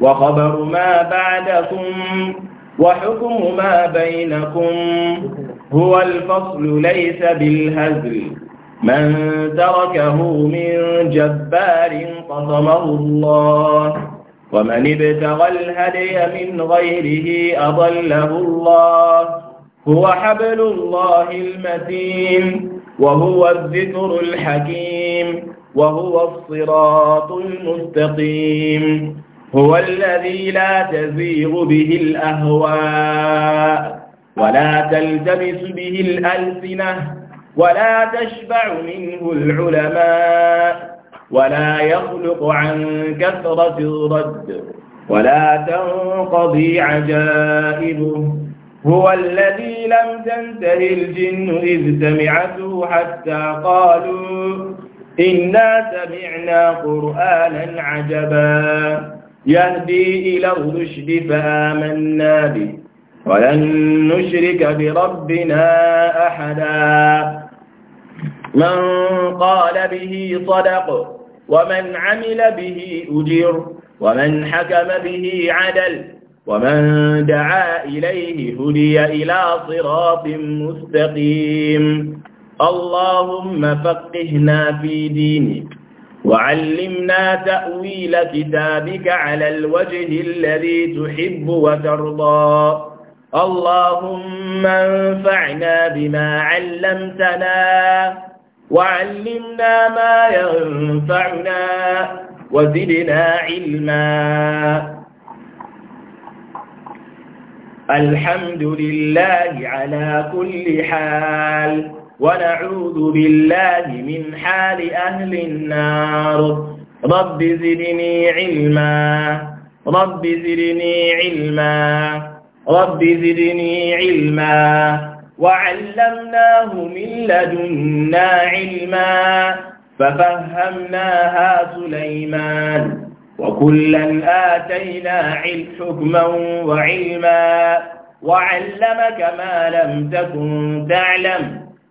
وخبر ما بعدكم وحكم ما بينكم هو الفصل ليس بالهزل من تركه من جبار قصمه الله ومن ابتغى الهدي من غيره أضله الله هو حبل الله المتين وهو الذكر الحكيم وهو الصراط المستقيم هو الذي لا تزيغ به الأهواء ولا تلتبس به الألسنة ولا تشبع منه العلماء ولا يخلق عن كثرة الرد ولا تنقضي عجائبه هو الذي لم تنتهي الجن إذ سمعته حتى قالوا إنا سمعنا قرآنا عجبا يهدي إلى الرشد فآمنا به ولن نشرك بربنا أحدا من قال به صدق ومن عمل به أجر ومن حكم به عدل ومن دعا إليه هدي إلى صراط مستقيم اللهم فقهنا في دينك وعلمنا تأويل كتابك على الوجه الذي تحب وترضى اللهم انفعنا بما علمتنا وعلمنا ما ينفعنا وزدنا علما الحمد لله على كل حال ونعوذ بالله من حال أهل النار رب زدني علما رب زدني علما رب زدني علما وعلمناه من لدنا علما ففهمناها سليمان وكلا آتينا حكما وعلما وعلمك ما لم تكن تعلم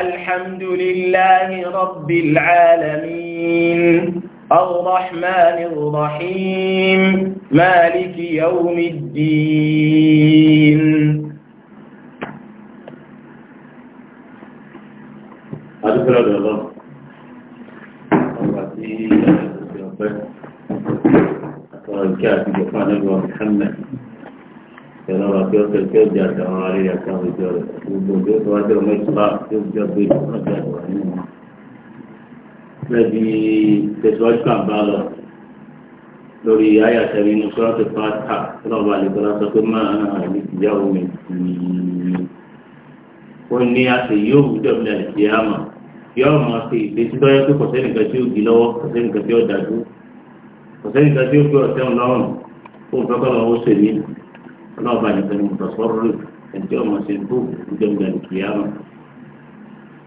الحمد لله رب العالمين الرحمن الرحيم مالك يوم الدين أذكر الله أترى الكاتب وقال محمد tí ó tẹ̀lé tí ó di àtàwọn ará rẹ̀ àtàwọn ìjọ rẹ̀ gbogbo tí ó tẹ̀wá tí ó mẹ́tìlá tí ó jọ gbé ìtọ́jú àgbà nínú wọn. lẹ́bi tẹ̀síwájú kan bá lọ lórí ayé àtẹ̀rí inú sọ́rọ́ tó fà á tó lọ́wọ́ àlejòlá sọ pé máa ń hàn ní ìyàwó mi ó ní àṣẹ yóò wúdọ̀ mi àti àmà yóò máa ṣe ìgbésí tó pé kò tí ó di lọ́wọ́ kò tí ó ọlọ́ọ̀bá nìkan ni mùtọ̀sọ́rọ̀ ẹ̀jẹ̀ ọmọ ṣe tó gbẹ̀ngàn kìyàmù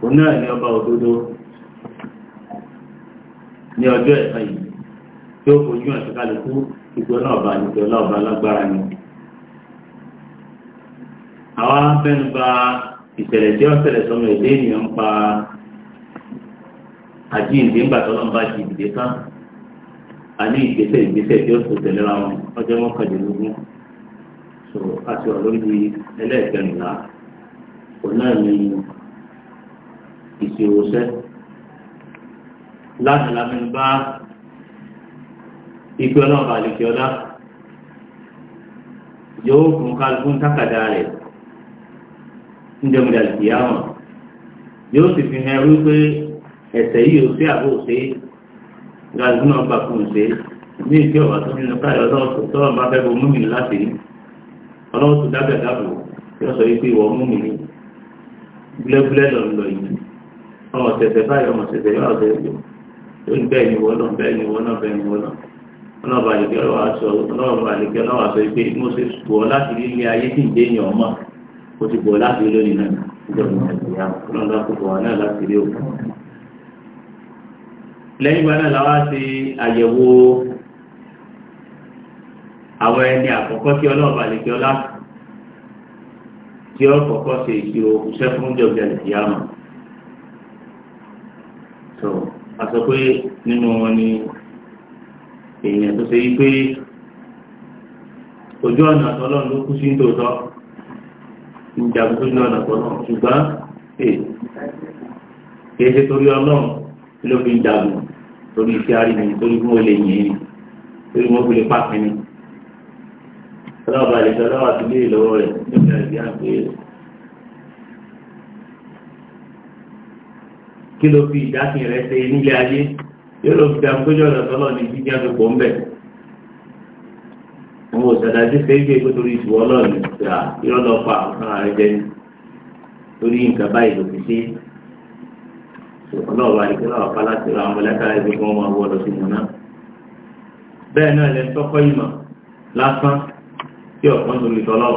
òun náà ni ọba òdodo ní ọjọ́ ẹ̀ka yìí tí ó fojú ẹ̀sìn kálukú ìgbẹ́ ọlọ́ọ̀bá nìkan ọlọ́ọ̀bá alágbára ni. àwa fẹ́nu ba ìṣẹ̀lẹ̀ tí ó ṣẹlẹ̀ sọmọ ẹ̀dẹ́ ènìyàn ń pa àjíǹde ńgbà tọ́lọ́mbà ti ìdìde tán àní ìgbésẹ̀ ìgbésẹ̀ tí ó sọ tẹ̀lé ra wọn ọjọ́ mọ́kàndínlógún tó lori ti wà lórí ẹlẹ́ẹ̀kẹrìnlá kò náà ní ìṣiròṣẹ́ láti láti bá ikú ọlọ́ọ̀bà àlèkè ọlá yóò fún kálukú tákàdá rẹ̀ níjọba ìdàlùkì yáwọn yóò sì fi hàn wípé ẹ̀sẹ̀ yìí ò sí àbò òṣè kálukú náà gbà fún òṣè ní ìṣe ọ̀wà tó nínú káyọ̀ lọ́sọ̀tọ̀ ọlọ́run tó dábẹ̀ dábò yóò sọ wípé ìwọ mú mi ní gúlẹ́gúlẹ́ lọ lọ yìí ọmọ tẹ̀tẹ̀ báyìí ọmọ tẹ̀tẹ̀ yóò ọ̀tẹ̀ yìí ó ní bẹ́ẹ̀ ni wọ́n náà bẹ́ẹ̀ ni wọ́n náà bẹ́ẹ̀ ni wọ́n náà ọlọ́ọ̀bà àlèkẹ́ ọlọ́wà sọ wípé mo ṣe bọ̀ láti lílé ayé tí ń dé èèyàn mọ̀ ó ti bọ̀ láti lónìí náà ìjọba ìjọba ọlọ́dà kò bọ̀ wá náà láti rí òkú. lẹ́yìn ìgbà náà la wá ṣe àyẹ̀wò àwọn ẹni àkọ́kọ́ tí ọlọ́ọ̀bà àlèkẹ́ ọlá tí ó kọ́kọ́ ṣe ìṣirò iṣẹ́ fún jẹ́ òjò ìyáàmù tó a sọ pé nínú wọn ni èèyàn tó ṣe yí pé ojú ọ̀nà àtọ́lọ́run ló kú sí tòótọ́ ìjàmbá tó ní ọ̀nà tọ́lọ́ ṣùgbọ́n eh, kìí ṣe torí ọlọ́run ló fi ń jagun torí iṣẹ́ àríwí torí fún olè yìí torí wọ́n fi lè pàkínní ọlọ́ọ̀bá ìlẹ̀kẹ́ lọ́wọ́ àti ilé ìlọ́wọ́ rẹ̀ nígbà ìgbà pé kí ló fi ìdákin rẹ̀ ṣe nílé ayé yóò lọ fi dáhùn péjọ ọ̀dọ̀ tọ́lọ̀ ní jíjẹ́ àtòpọ̀ ń bẹ̀. àwọn òṣàdá ti fẹ́ gbé pé torí ìṣòwò ọlọ́ọ̀ni ìgbà yóò lọ pa àwọn ààrẹ jẹ ní torí nǹkan báyìí ló fi ṣe ọlọ́ọ̀bá ìlẹ̀kẹ́ lọ́wọ́ pa láti ra àwọn ẹlẹ́ka ẹgbẹ́ kan máa wọ tí ọ̀pọ̀ torí tọ́lọ́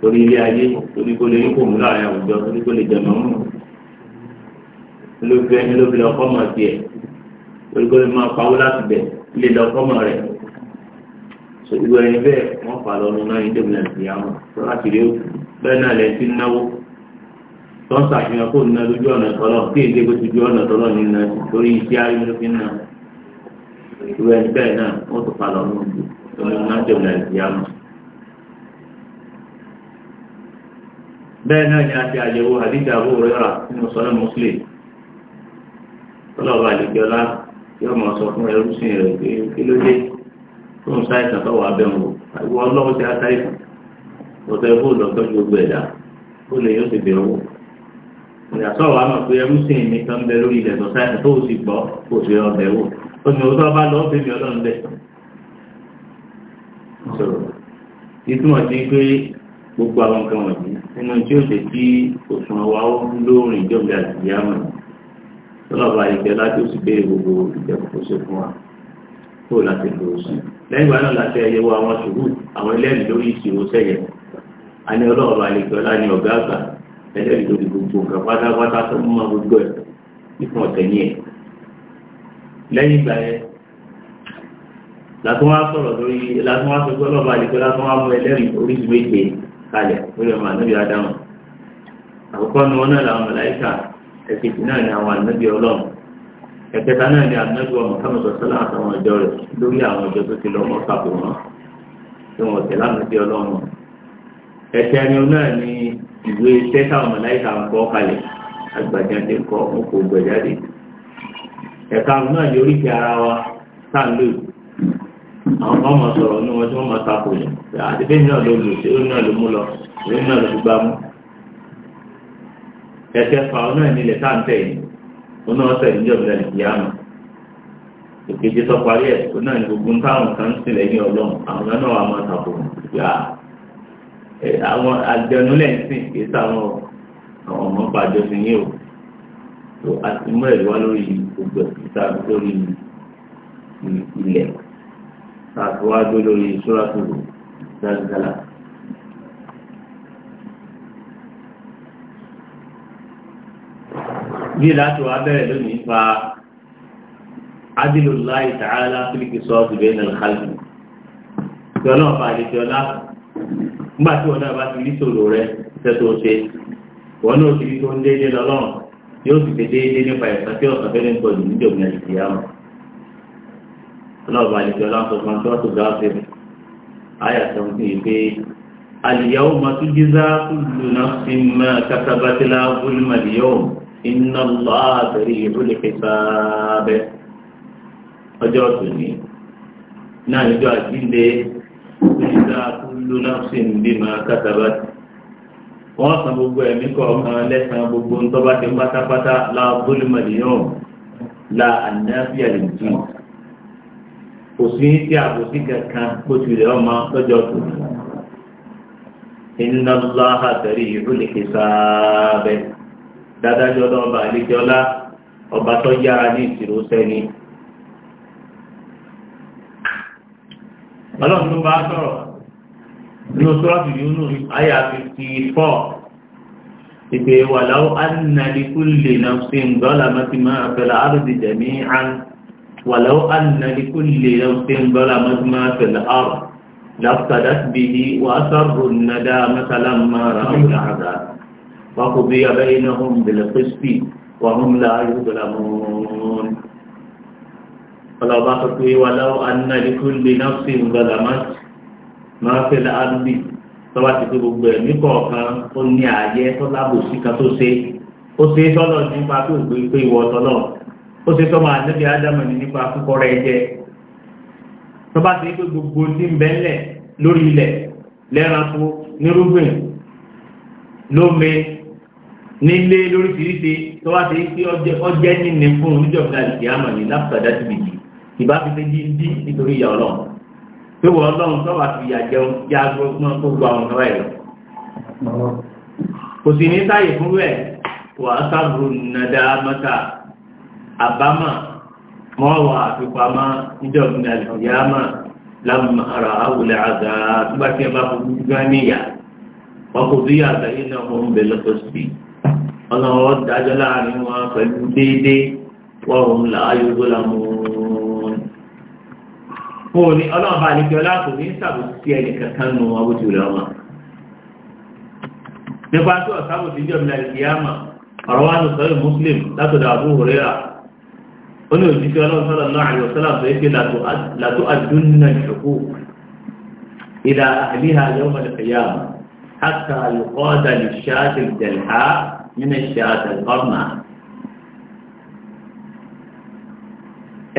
torí ilé ayé torí kó lè rí kò mú láàrin àwùjọ torí kó lè jẹ̀mọ́ mú olóògbé ẹni ló fi lọ kọ́ mọ̀ tiẹ̀ torí kó lè máa pawó láti bẹ̀ lè lọ kọ́ mọ̀ rẹ̀ sòdìgbò ẹni bẹ́ẹ̀ wọ́n fà lọ́nu náà ní dèbìlẹ̀ ìyàwó tó láti rí òkú bẹ́ẹ̀ náà lẹ́ ti náwó tó ń ṣàfihàn kó nínú lójú ọ̀nà tọ́lọ̀ kí èdè kó ti ju ọ̀nà tọ́lọ̀ nínú torí iṣẹ́ ayé ló fi ẹni bẹ́ẹ̀ náà wọ́n tó fà lọ́nu náà dèbìlẹ̀ ìyàwó. bẹ́ẹ̀ náà ni a ti àyẹ̀wò àdíjà Abu Huraira nínú sọ́lẹ̀ Muslim tọ́lọ́ba àdìgbọ́lá yóò mọ̀ sọ fún ẹrú sí rẹ̀ pé kí ló dé tó ń sáìsàn tó wà bẹ́ẹ̀ wò àìwọ́ ọlọ́run ti àtàìsàn lọ́tọ́ ẹ̀fọ́ lọ́tọ́ gbogbo ẹ̀dá ó lè yóò ti bẹ̀ wò ìyàtọ̀ wa pé ẹrú mi kan bẹ lórí ilẹ̀ tó sáìsàn tó sì gbọ́ kò sí ọbẹ̀ wò ó ní òótọ́ bá lọ́ọ́ ìtumọ̀ sí pé gbogbo àwọn nǹkan wọ̀nyí nínú tí ó ṣe kí òfin wa ó lóorin ìjọba àtìyámọ̀ tọ́lọ́ba ìfẹ́ láti oṣù bẹ́ẹ̀ gbogbo ìjẹ́kùkù ṣe fún wa tó láti lò ó sí lẹ́yìn ìgbà náà láti ẹyẹwò àwọn sùúrù àwọn ẹlẹ́rìí lórí ìṣirò sẹ́yẹ a ní ọlọ́ọ̀ba àlejò ọlá ní ọ̀gá àgbà ẹlẹ́rìí lórí gbogbo nǹkan pátápátá tó mú ma gbogbo ẹ̀ nípa ọ̀tẹ̀ ní ẹ̀ lẹ́yìn ìgbà yẹn látún wá sọ̀rọ̀ lórí látún wá sọ pé àlejò látún wá mú ẹlẹ́rìí oríṣi kalẹ̀ lórí ọmọ ànábì Ádámù àkọ́kọ́ ni wọn náà làwọn màláíkà ẹ̀kejì náà ni àwọn ànábì Ọlọ́run ẹ̀kẹta náà ni ànábì ọmọ kámẹ́sọ̀ sọ́lá àtàwọn ọjọ́ rẹ̀ lórí àwọn ọjọ́ tó ti lọ ọmọ kàpọ̀ wọn tí wọn tẹ̀ lánàbì Ọlọ́run ẹ̀kẹ́ ni wọn náà ni ìwé tẹ́tà ọmọ màláíkà kọ́ kalẹ̀ agbàjáde kọ́ ọkọ̀ gbẹ̀jáde ẹ̀ka náà ni oríkì ara wa sáà lóyún àwọn kan mọ̀ sọ̀rọ̀ ní wọn tí wọ́n tako yẹn àti bí náà ló lù sí ó náà ló mú lọ ó ọ náà nílẹ̀ tá à ń tẹ̀ yìí ó náà sẹ̀ níjọ́ ìlẹ̀ ìyá mọ̀. ìkejì sọ parí ẹ̀ ó náà ní gbogbo àwọn náà wà tako àwọn sìn kì í ọmọ pàjọ sí yín o tàbíwájú lórí ìṣúrátù zalzala. bí láti wá bẹ̀rẹ̀ lónìí fa adilullahi ta'ala fílíkì sọ́ọ̀tù bẹ́ẹ̀ náà kálí tí ọlọ́run bá lè fi ọlá nígbà tí wọn náà bá ti rí sòrò rẹ tẹ́tọ́ ṣe wọn náà ti rí tó ń déédéé lọ́lọ́run yóò sì ṣe déédéé nípa ẹ̀sán ọ̀sán fẹ́ẹ́ ń pọ̀ jù níjọba ìyá wọn ọlọ́ọ̀bà àlejò ọlọ́ọ̀sọ̀kan tó tó gá fèrè àyà sọ̀rọ̀ sí i pé àlìyàwó màtú jíza kúlù náà fi mọ kásábátìlá bólúmọ̀lìyàwó iná lọ́ àbẹ̀rẹ̀ ìlú lè fi sáábẹ́ ọjọ́ tòní náà níjọ́ àjíǹde jíza kúlù náà fi ń bí mọ kásábátì wọ́n san gbogbo ẹ̀mí kọ̀ọ̀kan lẹ́sàn gbogbo ń tọ́ bá ti pátápátá lá bólúmọ̀lìyàwó la ànáfíà kò sí sí àbòsí kankan bó ti rẹ̀ ọmọ lọ́jọ́ tó ní. iná lọ́lá àtẹ̀rí ìlú lè ké sáábẹ̀ dádájọ́ lọ́ba àlejọ́lá ọba tó yára ní ìṣirò sẹ́ni. ọlọ́run ló bá sọ̀rọ̀ ní oṣooṣù Yunus àyà fifty four ìpè wàláwó ánàlíkú lè nà sí ń dọ́là mọ́tìmọ́ àfẹ́lá àrùdìjẹ̀mí àrùn. ولو أن لكل نفس ظلمت ما في الأرض لافتدت به وأسروا الندامة لما رأوا العذاب وقضي بينهم بالقسط وهم لا يظلمون ولو بقتوا ولو أن لكل نفس ظلمت ما في الأرض tọ́wá ti fi gbogbo ẹ̀mí kọ̀ọ̀kan ó ní ààyè tó lábòsí kan tó ṣe ó ṣe é sọ́lọ̀ nípa tó gbé pé ìwọ ọ̀tọ̀ ó ṣe tọ́ máa níbi ádámù ní nípa akúkọ́ rẹ̀ jẹ́ tó bá ti pé gbogbo tí ń bẹ́ńlẹ̀ lórí ilẹ̀ lẹ́ranko nírúgbìn lómi nílé lóríṣiríṣi tó bá ti pé ọjẹ́ nínú fún oníjọba ìdí àmọ̀ ní lápùtàdá ti bìjì ìbá fi fẹ́ díndín nítorí ìyá ọlọ́run pé wọ́n ọlọ́run tó bá fi ìyà jẹun já gbọ́gbọ́n tó gba ọ̀hún rẹ̀ lọ kò sì ní táyè fún rẹ̀ wàá sábùrù nàdá mọ́ta àbámà wọ́n wà àfipamọ́ níjọba àlùfíàmà lámà ara àwùlẹ̀ àgà nígbà tí ẹ bá fojú gán níyà wọ́n kò sí àgbà yìí náà wọ́n ń bẹ lọ́sọ̀sì ọlọ́wọ́ dájọ́ láàrin wọn pẹ̀lú déédéé wọ́n ń là áyò tó fún òní ọlọ́run bá nígbẹ́ ọlọ́pù ní sàbòsí ẹni kankan nù wọn bó rẹ̀ wọn nípa tó ọ̀sábòsí ó ní òjíṣẹ́ ọlọ́run sọ́lọ́ náà àríwọ̀ sọ́lá sọ pé làtó àdúnnà ìṣòkó ìlà àhìlíhà yawm al-qiyamah hatta yuqada lish-shati al-jalha min ash-shati al-qarma.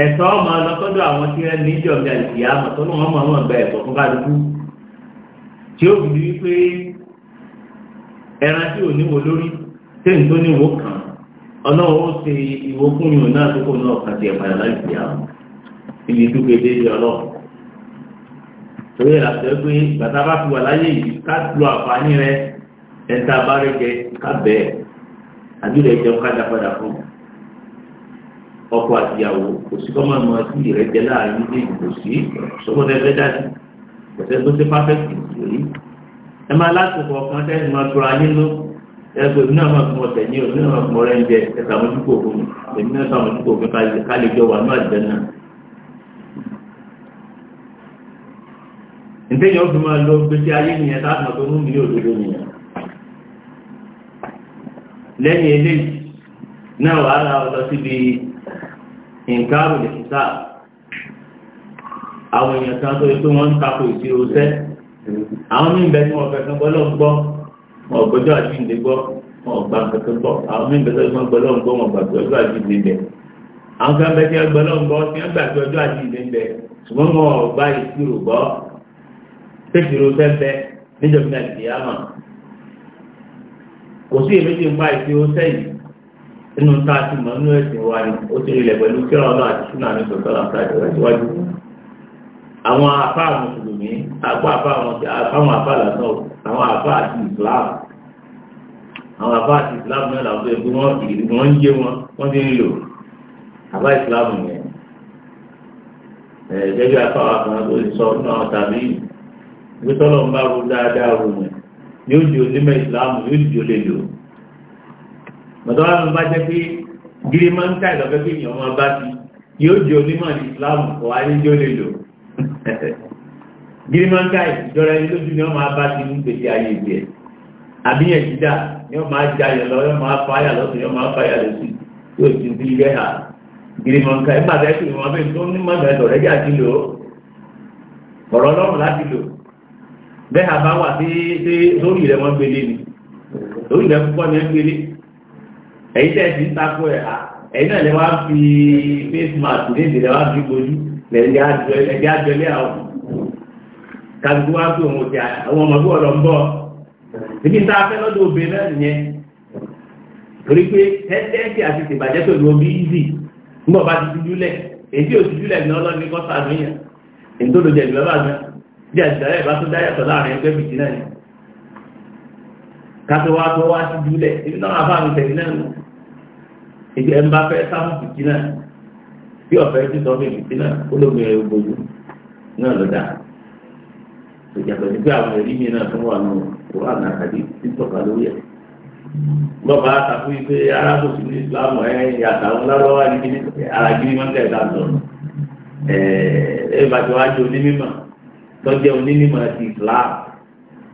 ẹ̀tọ́ ọmọ ọlọ́kọ́dọ̀ àwọn tí wọ́n ní ìjọba ìyá àmọ̀ tó lọ́wọ́ ọmọ ọmọ ọgbà ẹ̀kọ́ fún kálukú tí ó fi wípé ẹran tí ò níwò lórí tí n tó níwò kàn ọlọ́run ó ṣe ìwókùnrin náà tó kò náà kàtì ẹ̀padà láì pè àwọn ibi dúpé dé ọlọ́run torí ẹ̀ láti ẹ pé bàtà bá fi wà láyé yìí ká lo àǹfààní rẹ ẹ̀ta bá rẹ jẹ ká bẹ́ẹ̀ àdúrà ẹ̀jẹ̀ ká dá padà fún ọkọ àtìyàwó kò sí kọ́mọ̀ ọmọ sí ìrẹ́jẹ láàrin méjèèjì kò sí sọ́kọ́tà ẹgbẹ́ dájú kò sẹ́ tó ṣe pàfẹ́tì ìrírí ẹ máa lásìkò ọkàn tẹ́sí ẹgbẹ́ èmi náà máa fún ọ̀sẹ̀ ní èmi náà máa fún ọ̀rẹ́ ń jẹ ẹ̀ka àmójúkò fún mi èmi náà sàmójúkò fún mi ká lè jọ wà ní àjẹ́ náà. ntẹ́yìn ó fi máa lọ gbèsè ayé nìyẹn tá a mọ̀ tó mú mi ní òdodo nìyẹn. lẹ́yìn eléyìí náà wàá ra ọ lọ síbi nǹkan àròlé sísá àwọn èèyàn kan tó yẹ pé wọ́n ń takò ìṣirò sẹ́ àwọn míì bẹ́ẹ̀ ni wọ́n fẹ́ kan bọ́ wọn ọgbọjọ àjíǹde gbọ́ wọn ọgbà kankan gbọ́ àwọn mí bẹsẹ wọn gbọ́ lọhùn gbọ́ wọn gbà pé ọjọ́ àjíǹde bẹ àwọn kan bẹsẹ gbọ́ lọhùn gbọ́ tí wọn gbà pé ọjọ́ àjíǹde bẹ ṣùgbọ́n wọn ọgbà ìṣirò gbọ́ pẹkìrò sẹfẹ níjọba náà ti yá mà kò sí èméjì ń bá ìṣirò sẹ́yìn nínú tá a ti wa ni ó ti rí ilẹ̀ pẹ̀lú kí ọlọ́ọ̀ àti súnà ní sọ̀tọ́ làǹtà ìjọba síwájú àwọn afá mùsùlùmí àpò afá àwọn afá làtọ̀ àwọn afá àti Islam àwọn afá àti Islam náà làwọn ẹgbẹ́ wọn ìdí wọn ń yé wọn wọn ti ń lò afá Islam yẹn ẹ gẹ́gẹ́ afá wa kan tó lè sọ nínú tàbí ìwé tọ́lọ̀ ń bá ro dáadáa ro mọ̀ yóò di onímọ̀ Islam yóò di olè lò mọ̀tọ́ wa ló bá jẹ́ pé gírímọ̀ ń ká ìlọ́fẹ́ pé èèyàn wọn bá ti yóò di onímọ̀ Islam kọ́ ayé yóò lè lò. gírímọ́ńkà ìjọra ẹni lójú ni wọ́n máa bá ti ní gbèsè ayé ìwé ẹ̀ àbíyàn jíjà ni wọ́n máa jayọ lọ yọ máa fáyà yọ máa fáyà lọ́sùn tí ó ti di ilé ha gírímọ́ńkà ìgbà tẹ́ kí wọ́n tó ní ẹ̀dọ̀ lò ó ọ̀rọ̀ láti lò bẹ́ẹ̀ àbá wà sí lórí gbélé ni lórí púpọ̀ ni gbélé ń takò ẹ̀ náà lè wá fi face mask lẹ́yìn àjọlé àwọn kàdùkú wá sí òun ti àwọn ọmọ bí ọ̀rọ̀ ń bọ̀ níbi tá a fẹ́ lọ́dọ̀ obìnrin náà nìyẹn torí pé tẹ́tẹ́ẹ̀tì àti tìbàjẹ́ pẹ̀lú omi ìzì nígbà bá ti dúdúlẹ̀ èyí ò dúdúlẹ̀ ní ọlọ́ni kọ́ sàmìyàn èyí tó lójẹ ìgbẹ́ bá gbẹ́ bí àtìdáyà ìbá tó ni kátó wá tó wá sí bí ọ̀fẹ́ tí sọ ìrìntì náà ó ẹ̀rọ náà ló nígbà àwọn ẹ̀rí mi náà tó wà nù kúrò àná tí lórí ẹ̀ lọ́ba àtàkùn yìí pé arákùnrin ní Islam ẹ̀ yàtàwọn lárọ́wá ní kíní máa ń tẹ̀ ká sọ ẹ̀ ẹ̀ bàtí onímọ̀ tọ́jú onímọ̀ àti Islam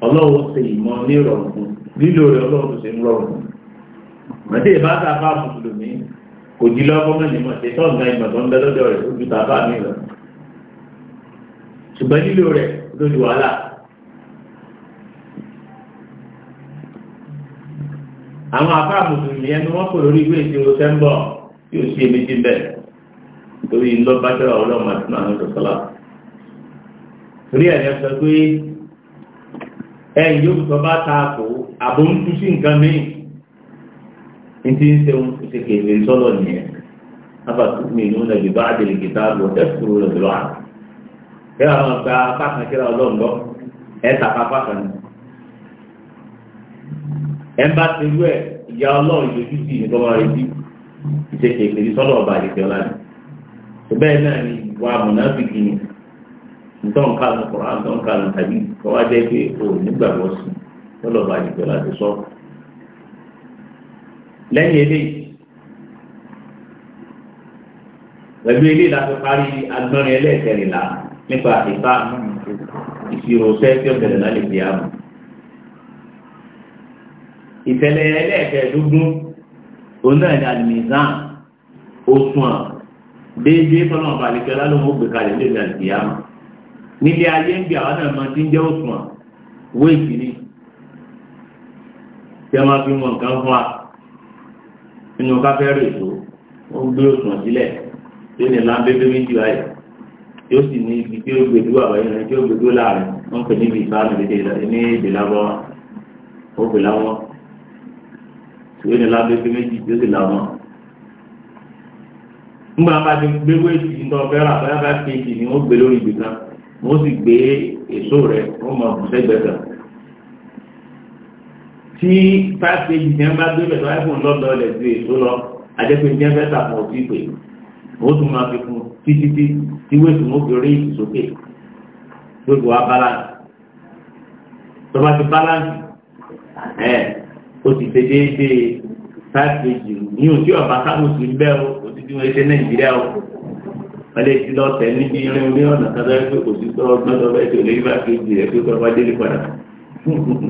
ọlọ́run ṣe ìmọ̀ ní ìrọ̀rùn lílo rẹ̀ ọlọ́run ṣe ń rọrùn kò jí lọ́gbọ́n mọ̀ nímọ̀ ṣe tọ́ nǹkan ìmọ̀ tó ń bẹ lọ́dọ̀ rẹ̀ ojú tàbá mi lọ ṣùgbọ́n nílò rẹ̀ lójú wàhálà àwọn afá mùsùlùmí ẹni wọ́n kò lórí ìwé ìṣirò sẹ́ńbọ̀ yóò sí èmi ti bẹ̀ torí ńlọ́bàjọ́ ọlọ́mọ àti náà ń sọ̀tọ́lá torí ẹ̀rí ẹ̀ sọ pé ẹ̀yìn yóò sọ bá ta kò àbóńtú sí nǹkan mìíràn ntí ń sẹ́wọ́n ṣe a sọ́lọ̀ afa tukumi inú na bíbá àdìrí kìtà bò tẹ́sùrù rẹ̀ lọ́wọ́ àná. kí wàá máa gba apákan kíra ọlọ́run lọ ẹ̀ tàpá apákan ni. ẹ̀ ń bá ti rú ẹ̀ ìyá ọlọ́run yójú sí ní bọ́wọ́ rẹ̀ bí ṣe kèfé sọ́lọ̀ ọba àdìrí ni. bẹ́ẹ̀ náà ni ìwà mùnáfíkì ni ọba ti lẹ́yìn eléyìí pẹ̀lú eléyìí láti parí agbọ́nrin ẹlẹ́ẹ̀kẹrìnlá nípa ìfá ìṣirò sẹ́ẹ̀tì ọ̀tẹ̀lẹ̀ lálẹ́ ìdí àmọ́ ìtẹ̀lẹ̀ ẹlẹ́ẹ̀kẹẹ̀dógún òun náà ní alimizan òṣùwọ̀n déédéé tọ́nà ọba àlejò alálòmọ́ ògbè kalẹ̀ lórí àlejò àmọ́ nílé ayé ń bí àwọn náà máa ti ń jẹ́ òṣùwọ̀n wéèkì ni tí a máa fi wọn nǹkan fún wa nínú káfẹ́rì èso ó gbé òsùn sílẹ̀ tí ó ní lábẹ́bẹ́ méjì báyìí tí ó sì ní ibi tí ó gbèdú àwáyé rẹ̀ tí ó gbèdú láàrin wọ́n pè níbi ìfáàmì lédè ní èdè lábọ́ ó pè láwọn tí ó ní lábẹ́bẹ́ méjì tí ó sì láwọn. nígbà bá ti gbé wéèjì ní ọ̀fẹ́ rà báyà bá kéèjì ni wọ́n gbé lórí ibì wọ́n sì gbé èso rẹ̀ wọ́n mọ̀ ọ̀sẹ̀ tí five pages yẹn bá gbé bẹ̀tọ̀ iphone lọ́dọ̀ ọ̀lẹ̀ ju èso lọ àjẹpẹ́ ní ẹgbẹ́ tàbí ọtí pé ó tún máa fi fún títí tí tí wéètì wọn fi rí ìsòkè lójú wa balance tó bá ti balance ẹ o ti ṣe déédéé five pages ní òtí ọ̀bá sáwọn sì ń bẹ́ o òtí tí wọ́n ṣe nàìjíríà o wọ́n lè ti lọ tẹ̀ níbi irin ní ọ̀nà kan tó yẹ pé o sí tọ́ ọgbọ́n tó bẹ́ẹ̀ tó lè rí five pages rẹ̀ pé kọ́ ọ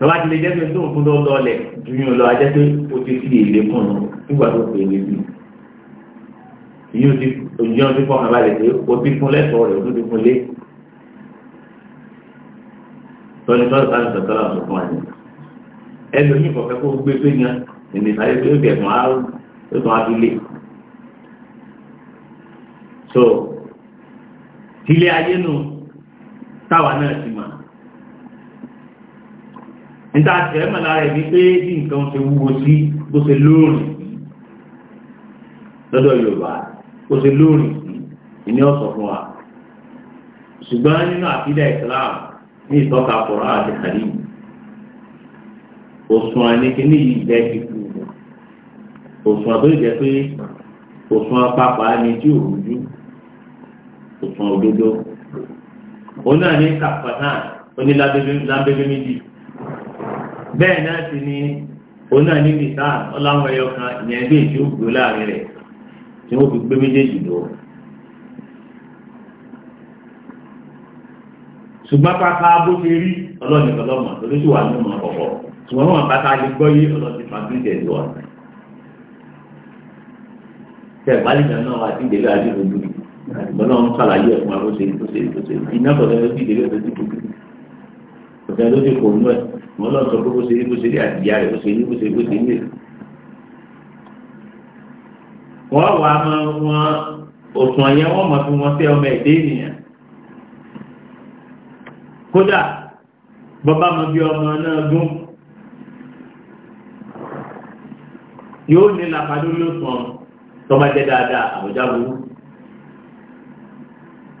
tọ́wá ti lè jẹ́ pé tó ń fún lọ́ọ́ lọ́ọ́lẹ̀ ju yín lọ ajẹ́ pé ó ti fi èlé kùn ún nígbà tó pè é lébi yín ó ti òjì ọdún fọkàn balẹ̀ pé ó ti fún lẹ́tọ̀ọ́ rẹ̀ ó ti fún lé tọ́ni tọ́ni tọ́ni tọ́ni tọ́ni tọ́ni tọ́ni ẹni oyin kọ̀ọ̀kẹ́ kó gbé pé yan ẹni ìsàlẹ̀ pé ó bẹ̀ tán á ó tán á lé so tilé ayé nu táwa náà ti mọ̀ níta tẹ́mọ̀ lára ẹ̀bí pé bí nǹkan ṣe wúwo sí bó ṣe lóòrìn lọ́dọ̀ Yorùbá bó ṣe lóòrìn ìní ọ̀sọ̀ fún wa ṣùgbọ́n nínú àkídà Islam ní ìtọ́ka kọ̀ọ̀rọ̀ àti kàrí òṣùn àníkíní yìí jẹ́ kíkú òṣùn àbẹ́rẹ́ jẹ́ pé òṣùn apapa ni tí ò rújú òṣùn òdodo òun náà ní kàpátán onílábẹ́bẹ́ méjì bẹ́ẹ̀ náà sì ni òun náà ní nìta ọláwọn ẹyọ kan ìyẹn bí èsì òkú láàrin rẹ̀ tí wọ́n fi gbé méjèèjì lọ. ṣùgbọ́n pátá bó ṣe rí ọlọ́ọ̀nì ọlọ́mọ lórí sì wà nínú ọ̀pọ̀ ṣùgbọ́n wọn pátá lè gbọ́ yé ọlọ́ọ̀nì fàbílẹ̀ lọ. tẹ̀ gbálẹ̀ náà wà sí ìdílé àti ìlú àtìgbọ́n náà ń ṣàlàyé ẹ̀fún àbóṣe ìtòṣe ìtòṣe ìnáfọ̀dẹ́ ló sì ìdílé ló sì kò mọ́ lọ sọ pé bó ṣe rí bó ṣe rí àtìyá rẹ̀ bó ṣe rí bó ṣe bó ṣe rí. wọ́n wà á mọ wọn òsùn ọ̀yẹ́ wọ́n mọ̀ fún wọn sí ọmọ ẹ̀dẹ́ ènìyàn. kódà bọ́bá mọ bí ọmọ náà dún yóò ní làpàdé olóòsùn ọ̀hún tọ́ba jẹ́ dáadáa àwùjá burú.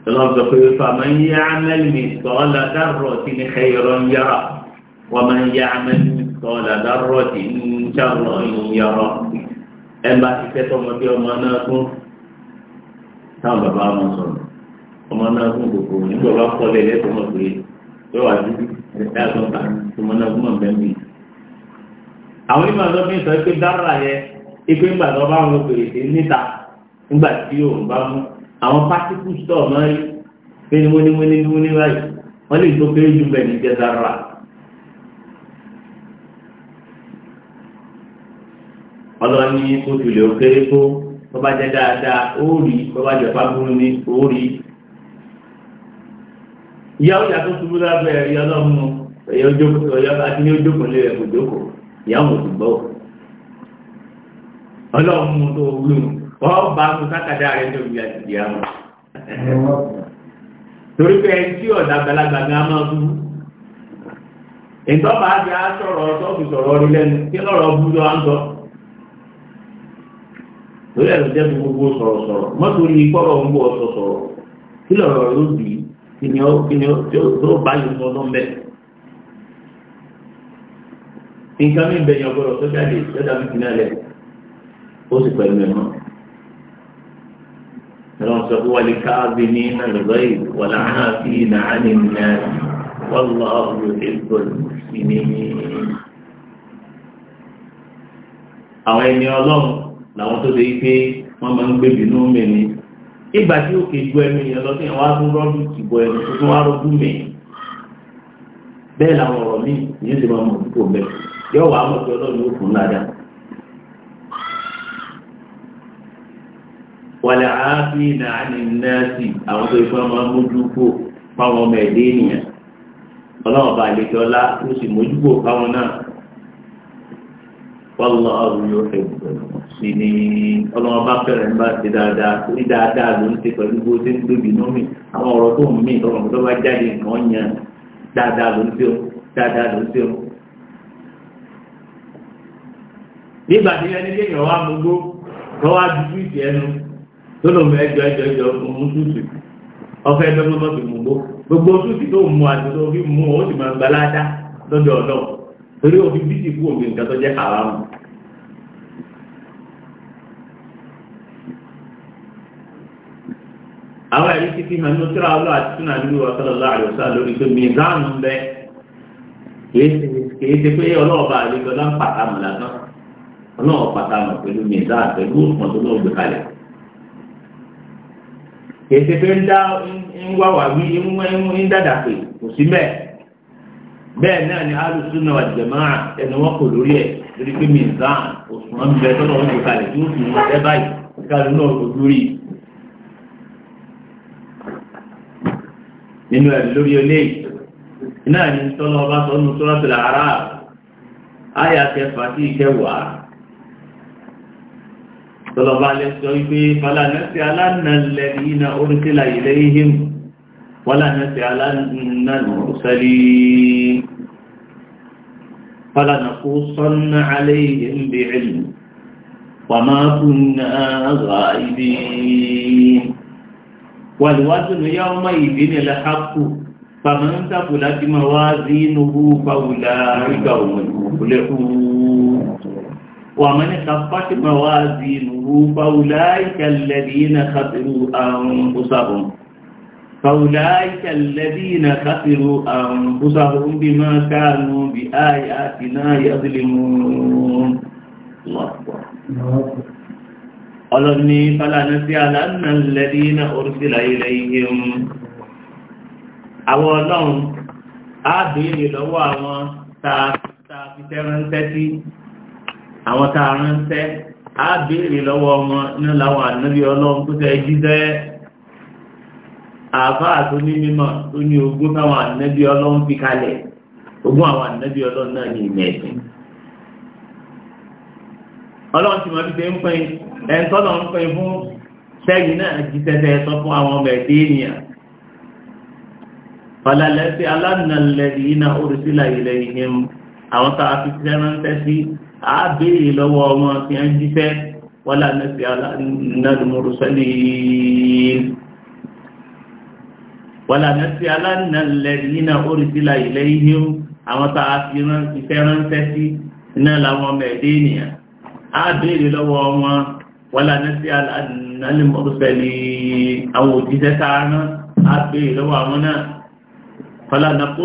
Ìlọ́sọ̀ pé fàmọ́ yí ámẹ́lì mi sọ́ọ́lá dárò sí ni xeyọ̀rọ̀ ń yára. ومن يعمل مثقال ذرة شرا يره ẹ bá ti fẹ́ tọmọ bí ọmọ náà kún táwọn bàbá ọmọ sọ̀rọ̀ ọmọ náà kún gbogbo nígbà bá kọ́lé lẹ́tọ̀ọ́ mọ̀ pé yóò wá dúdú ẹ̀dá àgbọ̀nta ọmọ náà kún mọ̀ bẹ́ẹ̀ mi. àwọn onímọ̀ ọ̀dọ́ fi ń sọ pé dára yẹ ipe ńgbà tó bá wọn fèrèsé níta ńgbà tí òun bá mú àwọn pátíkù stọ̀ mọ́ rí pé ní wọ́n ní wọ́n ní wọ́n ní báyìí wọ́n lè tó kéré jù bẹ́ẹ̀ ní jẹ́ dára. ọlọ́ni tó fi lè kéré tó tó bá jẹ́ dáadáa ó rí tó bá jẹ́ fábúrú ní ó rí. ìyá ọjà tó ṣubú lábẹ́ ẹ̀rí ọlọ́mú ọ̀yọ́ àti ní ojókòó lé ẹ̀kọ́ jókòó ìyá wọn ò gbọ́. ọlọ́mú tó wúlò wọ́n bá mú sákàdá rẹ̀ ní omi àti ìyá wọn. torí pé ẹni tí ọ̀dà àgbàlagbà ni a máa dúró ìtọ́ba àti asọ̀rọ̀ ọ̀tọ́ torí ẹ̀rọ jẹ́ gbogbo sọ̀rọ̀ mọ́tò ní kọ́rọ̀ ń bọ̀ ọ̀sọ̀ sọ̀rọ̀ kí lọ̀rọ̀ ló bì kí ni ó kí ni ó bá yìí sọ nǹkan mi ọgbọ́dọ̀ tó jáde lọ́dà mi rẹ̀ ó sì pẹ̀lú ẹ̀ mọ́. ẹ̀rọ sọ wàlí ní àlùbọ́ yìí wà láhà sí na tó dị pé wọ́n máa ń gbèbí ní ni ìgbà tí ó kéjú ẹnu yẹn lọ sí àwọn arúgbọ́dù ti bọ ẹnu tó tún arógbó mi bẹ́ẹ̀ làwọn ọ̀rọ̀ mi bẹ́ẹ̀ mọ̀ ọlọ́run yóò fún wàlẹ̀ náà ní nẹ́ẹ̀sì àwọn tó máa mójú kó fáwọn ọmọ ẹ̀dẹ́ ènìyàn ọlọ́run àlejò ọlá wọ́lọ́ ọ̀rùn yóò fẹ́ mi ni ọlọ́wọ́ bá fẹ́rẹ̀ ń bá ti dáadáa ní dáadáa ló ń ṣe pẹ̀lú bó ṣe ń tóbi inú mi àwọn ọ̀rọ̀ tó ń mí ìtọ́nà tó bá jáde nǹkan yan dáadáa ló ń ṣe o dáadáa ló ń ṣe o. nígbà tí ẹni kéèyàn wá gbogbo tó wá dúdú ìdí ẹnu tó lòun ẹjọ ẹjọ ẹjọ mú tútù ọfẹ ẹjọ mọmọ torí òbí bí sì kú òbí nǹkan tó jẹ́ haramu. àwọn ẹ̀rí ti fi hàn ní tíra ọlọ́ àti túnà nínú ọ̀sọ́lọ́lá àyọ̀sá lórí pé mìíràn ń bẹ kìí ṣe pé ọlọ́ọ̀bá àlejò ọlá ń pàtàmù lásán ọlọ́ọ̀ pàtàmù pẹ̀lú mìíràn pẹ̀lú òṣùwọ̀n tó lọ́ọ̀ gbé kalẹ̀ kìí ṣe pé ń dá ń wá wà ń dàdà pé kò sí mẹ́ẹ̀ bẹ́ẹ̀ náà ni alùsùnà wà jẹ̀máà ẹni wọ́n kò lórí ẹ̀ lórí pé mìíràn òṣùwọ̀n ń bẹ tọ́lọ̀ oúnjẹ kalẹ̀ tí ó sì wọ́n tẹ́ báyìí kálù náà kò lórí nínú ẹ̀rí lórí olé náà ni tọ́lọ̀ ọba sọ nínú suratul A'raf àyà kẹfà sí ìkẹwàá tọ́lọ̀ ọba lẹ́sọ wípé falanasi alánàlẹ́rìí na orísìlà ilayhim ولنجعلن المرسلين فلنقصن عليهم بعلم وما كنا غائبين والوزن يومئذ الحق فمن ثقلت موازينه فأولئك هم المفلحون ومن خفت موازينه فأولئك الذين خسروا أنفسهم فأولئك الذين خسروا أنفسهم بما كانوا بآياتنا يظلمون الله أكبر ألني فلا نسألن الذين أرسل إليهم àwọn ọlọ́run ábèèrè lọ́wọ́ àwọn tàà fìtẹ́ ránṣẹ́ sí àwọn tàà ránṣẹ́ ábèèrè lọ́wọ́ wọn ní láwọn ànábí ọlọ́run tó àfáà tó ní mímọ̀ tó ní ogún táwọn ànábì ọlọ́run fi kalẹ̀ ogún àwọn ànábì ọlọ́run náà ní ìmọ̀ ẹ̀sìn ọlọ́run ti mọ̀ bí ṣe ń pín ẹni tọ́lọ̀ ń pín fún sẹ́yìn náà jí tẹ́tẹ́ sọ fún àwọn ọmọ ẹ̀dẹ́ ènìyàn ọ̀làlẹ́sí alánàlẹ́dì iná orísìlà ilẹ̀ ìhìn àwọn tàà fi tẹ́ ránṣẹ́ sí àábèrè lọ́wọ́ ọmọ tí ń jíṣẹ́ wọ́lá wàlànà sí alánàlẹ̀ nínà orísìlá ilẹ̀ ihe àwọn tàà fi ìfẹ́ ránṣẹ́ sí iná làwọn ọmọ ẹ̀dẹ́ ènìyàn á béèrè lọ́wọ́ wọn wàlànà sí alánàlẹ̀ mọ́rùsẹ̀lẹ̀ àwọn òjíṣẹ́ sáárá á béèrè lọ́wọ́ àwọn náà wàlànà kó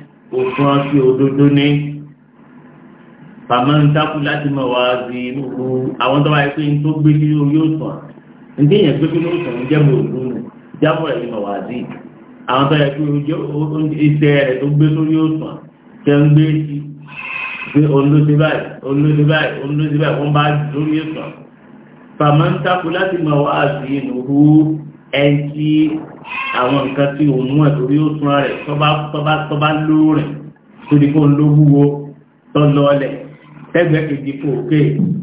òfin ọtí òdodo ní bàmá ń dákú láti mọ̀ wá sí inú àwọn tó wáyé pé tó gbé sí orí òsàn ǹdí èèyàn gbé sínú òsàn ń jẹ́bù òdùn nù jábọ̀ ẹ̀ ní mọ̀ wá sí àwọn tó yẹ pé iṣẹ́ rẹ̀ tó gbé sórí òsàn tẹ́ ń gbé sí pé olóṣè báyìí olóṣè báyìí olóṣè báyìí wọ́n bá lórí ètò bàmá ń takò láti mọ̀ wá sí inú ẹni tí àwọn nǹkan tí òun mú ẹ̀ torí ó súnra rẹ̀ tọ́bá lóòrìn tó di kó ń ló wúwo tọ́ lọ́ọ̀lẹ̀ tẹ́gbẹ́ kejì fún òkè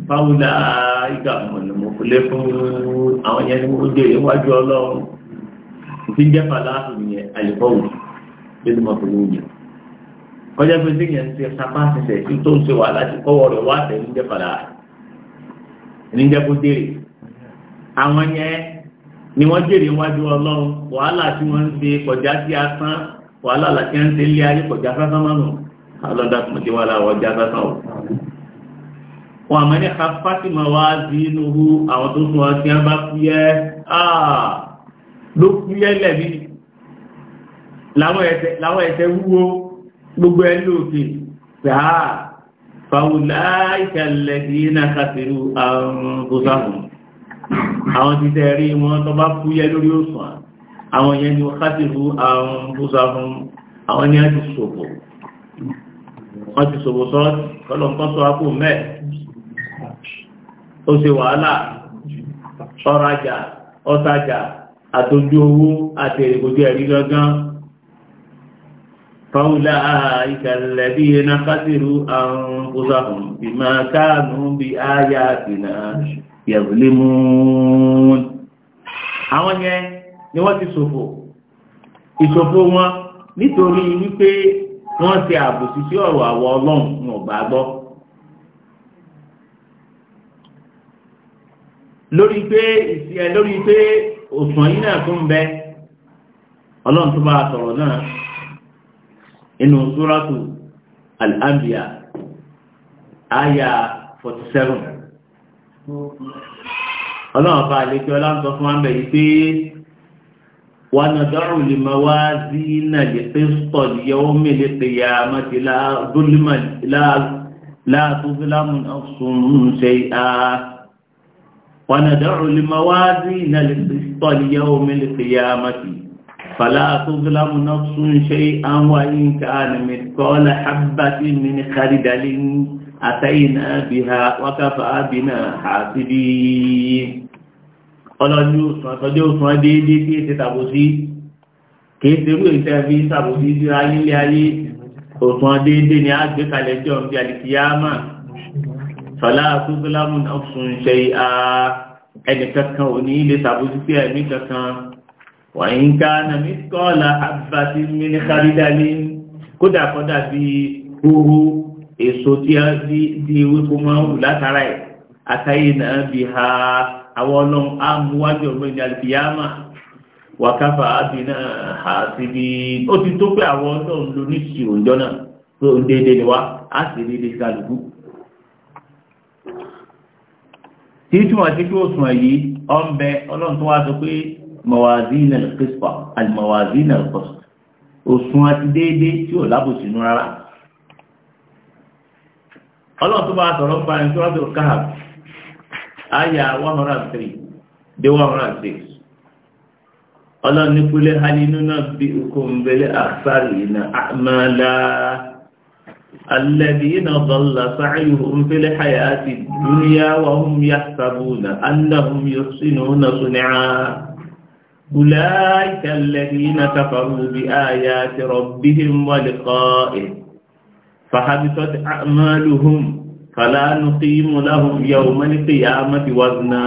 fáwọlá ìgbà mọ̀lẹ́mọ̀kúlé fún àwọn yẹn ní oúnjẹ ìwájú ọlọ́run tí ń jẹ́fà láàfin yẹn àlùfọ́wù nínú mọ̀kúlé oúnjẹ kọjá pé tí yẹn ti sapá ṣẹṣẹ tí tó ń ṣe wà láti kọ́wọ́ rẹ̀ wá tẹ̀ ní jẹ́fà láàfin ní jẹ́ kó dérè àwọn yẹn ni wọ́n jèrè wájú ọlọ́run wàhálà tí wọ́n ń ṣe kọjá sí asán wàhálà láti ń ṣe ilé ayé kọjá sásán mọ́nà alọ́dá tó ti wà láwọ̀ ọjà sásán ọ̀ wọn àmọ́ ní afátímọ̀ wá sí inú àwọn tó sún ọtí wọn bá fúyẹ́ ló fúyẹ́ lẹ̀mí láwọn ẹ̀sẹ̀ wúwo gbogbo ẹ̀ lóòkè sáà fàwùlá ìkàlẹ̀ sí iná kàtìrú àwọn tó sáhùn àwọn ti tẹ́ rí wọn tó bá fúyẹ́ lórí òsùn àwọn yẹn ni kásìlú àwọn búsa fún àwọn ní àti ṣòfò wọ́n ti ṣòfò sọ́ọ̀tì kọlọ̀kan sọ apò mẹ́ ó ṣe wàhálà ọrajà ọtajà àtòjú owó àti èrèkòjú ẹ̀rí gangan fáwùlá ìkàlẹ̀bí iná kásìlú àwọn búsa fún ìmọ̀ káànú bí áyà àtìnáà yẹ̀rùlẹ́mùún àwọn yẹn ni wọ́n ti ṣòfò ìṣòfò wọn nítorí wípé wọ́n ti àbòsí sí ọ̀rọ̀ àwọ̀ ọlọ́run ní ọ̀gbà gbọ́ lórí pé ìsì ẹ lórí pé òsùn yìí náà tún bẹ ọlọ́run tó bá sọ̀rọ̀ náà inú súrátù al àyà 47 ọlọ́run bá àlejò ọlọ́run fún wọn bẹ̀rẹ̀ pé wọn dọ́rù lè mọ wá sí náà lè pé sọ̀dì yẹ ó mèlè pèyà mọ́tì láàtú fúlámù ọ̀sùn ṣe à wọn dọ́rù lè mọ wá sí náà lè pé sọ̀dì yẹ ó mèlè pèyà mọ́tì فلا تظلم نفس شيئا وإن كان مثقال حبة من خردل àtẹ́yìnà bí ha wákàfà ábìnà àtìbí ọlọ́jú ọ̀tọ́jọ́ òsùn déédé tí èsì tàbòsí kìí serú ìfẹ́ fi tàbòsí síra nílé ayé òsùn déédé ni a gbé kalẹ̀ jọ bí alìkìyàmà sọlá àtúgbélámù ọ̀sùn ṣe à èso tí a di di ewéko máa ń wù látara ẹ̀ àtàyè náà bí ha àwọn ọlọ́run á mú wájú ọgbẹ́ ní alìfìyàmà wàkàfà ábì náà hà síbi ó ti tó pé àwọn ọlọ́run ló ní sí òǹjọ́ náà tó ń déédéé ni wá á sì déédéé kálukú. tí túmọ̀ sí pé òṣùwọ̀n yìí ọ̀ ń bẹ ọlọ́run tó wá sọ pé mọ̀wàzínà kìspa àlùmọ̀wàzínà kọ̀sùn òṣùwọ̀n àti déédéé tí ò lábòsínú rárá ọlọ́run tó bá sọ̀rọ̀ ń parí tó wá tó káàb àyà one hundred and three dé one hundred and six ọlọ́run ní kúlẹ̀ alínú náà bí okòǹbẹ̀lẹ̀ àṣàrì iná àmàlà alẹ́bìínà dọ́là sáàyù òǹfẹ̀lẹ̀ àyà àti dúníyà wà hùm yá sàbùnà annahum yóò sínú náà súnìá أولئك الذين كفروا بآيات ربهم ولقائه فحبطت أعمالهم فلا نقيم لهم يوم القيامة وزنا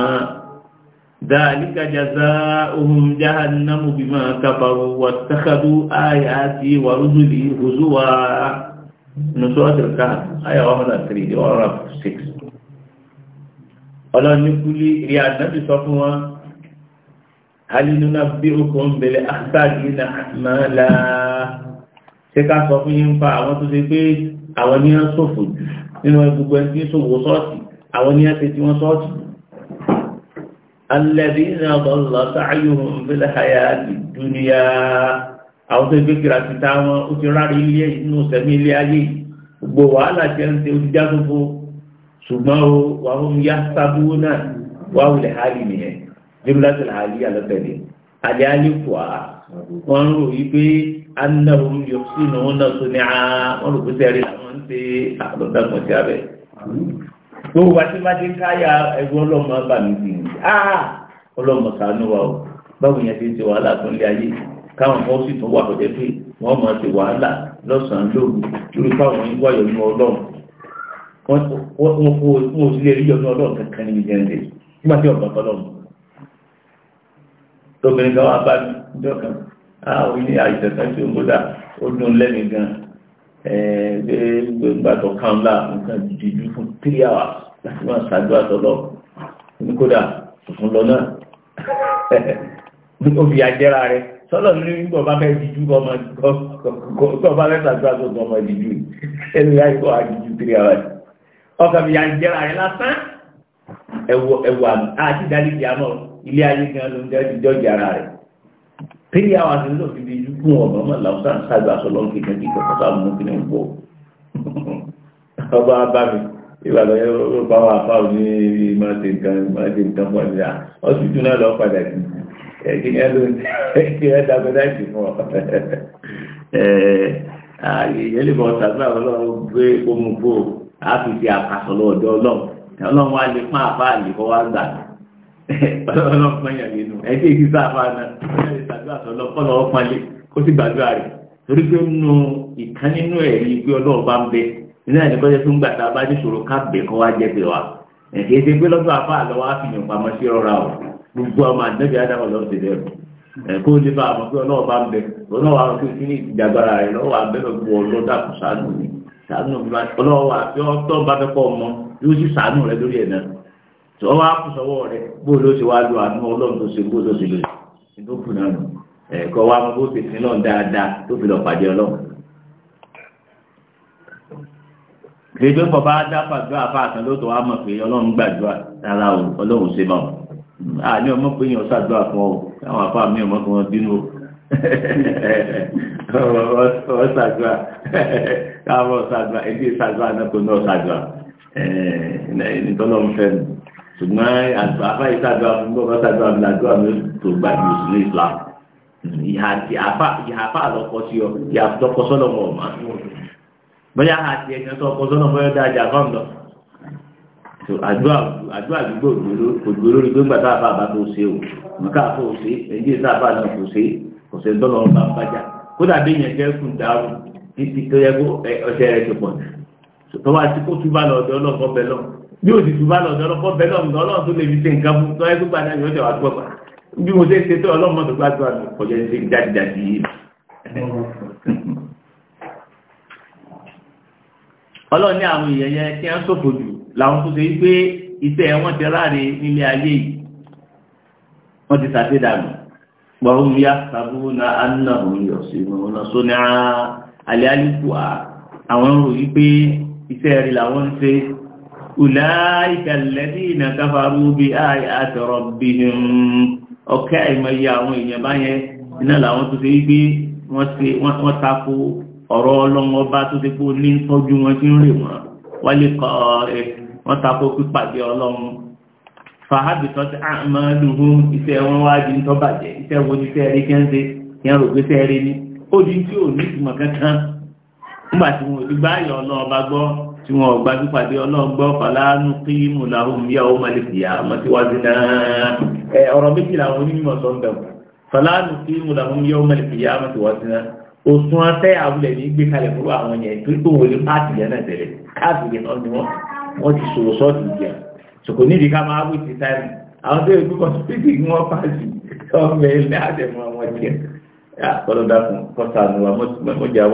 ذلك جزاؤهم جهنم بما كفروا واتخذوا آياتي ورسلي هزوا نسوة الكهف آية 103 ورب 6 ọlọ́run ní kúlí rí àdájú sọ fún wọn halilu náà bí okùn ṣe ká sọ fún yín pa àwọn tó ṣe pé àwọn ní wọ́n ṣòfò jù nínú gbogbo ẹni tí ń ṣòwò sọ́ọ̀tì àwọn ní ẹ̀ṣẹ̀ tí wọ́n sọ́ọ̀tì alladhina dalla sa'yuhum fil hayati dunya àwọn tó gbé kìrà ti táwọn ó ti rárí ilé annahum yuhsinuna sun'a wọ́n rò pé sẹ́rí àwọn ń ṣe àlọ́dàgbọ̀n sí abẹ́ gbogbo àti májè káyà ẹ̀rù ọlọ́mọ bá mi sì ń ah ọlọ́mọ ṣàánú wa o báwo yẹn ti ń ṣe wàhálà tó ń lé ayé káwọn kan sì tún wà tọ́jẹ́ pé wọ́n máa ṣe wàhálà lọ́sàn-án lóru lórí fáwọn yín wáyọ̀ nínú ọlọ́run wọ́n kó wọ́n sì lè rí yọ̀ nínú ọlọ́run kankan níbi jẹ́ǹdẹ̀ nígbà tí ọ̀gbọ̀n tọ́lọ́run lóbìnrin kan wá bá mi ọjọ́ kan àwọn ilé àìsẹ̀kà tí ó gbódà ó dún lẹ́mí gan gbẹ́gbà tó kàn lá nǹkan dídú fún three hours láti máa ṣàdúrà tọ́lọ́ ní kódà tuntun lọ náà ó fi àjẹrà rẹ sọ́lọ̀ ní gbọ́ bá fẹ́ dídú kọ́ bá fẹ́ ṣàdúrà tó gbọ́ ọmọ dídú ẹnu yá ikọ̀ àdídú three hours ọkàn fi àjẹrà rẹ lásán ẹ̀wọ̀ ẹ̀wọ̀ àti ìdálẹ́bí àmọ́ ilé ayé gan ló ń dẹ́ ti jọ́ọ̀jì rẹ̀ three hours ló fi di ju fún ọ̀gbọ́n mọ̀ làwùsàn ṣáàgbà sọ lọ́nkì náà kí kọ́kọ́ sáà mú kí ní ń bọ̀ ọba bá mi ìbàdàn yẹn ló bá wà fáwọn ní máa ṣe nǹkan máa ṣe nǹkan pọ̀ nílá ọ̀sùn tún náà lọ padà sí kí ẹ ló kí ẹ dàgbẹ́ láìsí fún ọ. ìyẹn lè bọ̀ ṣàgbà ọlọ́run gbé omi kó a fi ṣe àkàsọ̀ lọ́dọ̀ ọlọ́run ọlọ́run wa lè pọ́n àbá àlè kọ́ wá gbà ọlọ́run pọ́n yàn lẹ́nu ẹgbẹ́ ìfi sáfà náà ọlọ́run ìsàdúrà sọlọ kọ́lọ́ ọpọ́n lé kó sì gbàdúrà rẹ̀ torí pé nínú ìkan nínú ẹ̀rí pé ọlọ́run bá ń bẹ nínú ẹ̀rí kọ́jọ́ tó ń gbà tá a bá ní ṣòro ká bẹ̀ kọ́ wá jẹ́ pé wa ẹ̀kẹ́ ṣe pé lọ́dọ̀ afá àlọ́wọ́ àfihàn pamọ́ sí ọ̀rá o gbogbo ọmọ àdébí adáwọ̀ lọ́wọ́ ti dẹ̀rù ẹ̀kó lè bá àmọ́ pé ọlọ́run bá ń bẹ ọlọ́run àwọn tí wọ́n wá kù sọ́wọ́ rẹ̀ bó ló ṣe wá lo àánú ọlọ́run tó ṣe bó ló ṣe lò sí tó kù náà nù ẹ̀kọ́ wa mú bó ṣe sin lọ́n dáadáa tó fi lọ pàdé ọlọ́run. gbèdé pọ̀ bá dá fàdúrà fáàtàn ló tó wá mọ̀ pé ọlọ́run gbàdúrà rárá o ọlọ́run ṣe mọ̀ àní ọmọ pé yẹn ṣàdúrà fún ọ àwọn afá mi ọmọ kan bínú ọ ṣàdúrà káwọn ṣàdúrà ẹbí ṣàdúrà náà kò náà ṣàdúrà ẹ nítorí ọmọ fẹ́ mi ṣùgbọ́n àfa yìí sàdúrà fún bọ́ọ̀ sàdúrà fún àdúrà mi tó gbà ní oṣù ní Islam ìhà àfa lọkọ sí ọ ìhà lọkọ sọ́dọ̀ mọ̀ ọ̀ma bóyá àti ẹ̀yàn tó ọkọ sọ́dọ̀ fọ́yọ́ dáa jà fáwọn lọ. àdúrà àdúgbò òdòdó lórí pé gbàtà àfa àbá tó ṣe o nǹkan àfọ òṣè ẹ̀yìn ìṣe àfa náà kò ṣe kò ṣe dọ́lọ́ ọba bájà kódà bí yẹn jẹ́ fún dáhùn títí tó yẹ kó ọṣẹ rẹ̀ ti pọ̀ tó wá sí kó túbà lọ́dọ̀ ọlọ́kọ̀ bẹ́ẹ̀ lọ́wọ́ bí òsì tó bá lọ sọ lọ́kọ́ bẹ́ẹ̀ lọ́mùtọ́ ọlọ́run tó lè fi ṣe nǹkan fún tọ́ ẹgbẹ́ padà yóò tẹ̀ wá tó ọ̀pá bí mo ṣe ṣe tó ọlọ́run mọ́tò gbá tó àná kọjá ṣe jáde-jáde yìí. ọlọ́run ní àwọn èèyàn yẹn kí wọ́n sọ̀fò jù làwọn tó ṣe wípé iṣẹ́ wọn ti ráre nílé ayé yìí wọ́n ti ṣàṣedànù gbọ́n mi yá sábúnà anna òun yọ̀ sí òun sọ́ni àlẹ́ àlùkù àwọn ń rò wípé iṣẹ́ rẹ̀ ùláìkà lẹ́dí ìnà káfàrú bí i àtọ̀rọ̀ bí i ọ̀kẹ́ àìmọye àwọn èèyàn báyẹn iná làwọn tó ṣe wípé wọ́n tako ọ̀rọ̀ ọlọ́wọ́ bá tó ṣe pé ó ní tọ́jú wọn tí ń rè wọ́n wọ́n lè kọ́ ẹ̀ wọ́n tako pípàdé ọlọ́run fàábì tí wọn gbájú pàdé ọlọ́gbọ́ fàlánù kí mùláhùn yà ó malè fìyà àmọ́tí wá sí náà ẹ ọ̀rọ̀ méjì làwọn onímọ̀ sọ ń bẹ̀ wọ́n fàlánù kí mùláhùn yà ó malè fìyà àmọ́tí wá sí náà òsùn ọtẹ́ àwùlẹ̀ ní gbé kalẹ̀ fúru àwọn yẹn torí pé wòlé páàtì yẹn náà tẹ̀lé káàbì yẹn náà ni wọ́n wọ́n ti sòwò sọ́ọ̀tì jẹ sòkò nídìí ká máa wí ti táìmù àwọn tó yẹ kó kọ́sìpìtì ní wọ́n pàṣẹ ọmọ ilé àdẹ̀mọ́ àwọn jẹ kọ́lọ́dà fún kọ́sà nù wa mọ́jà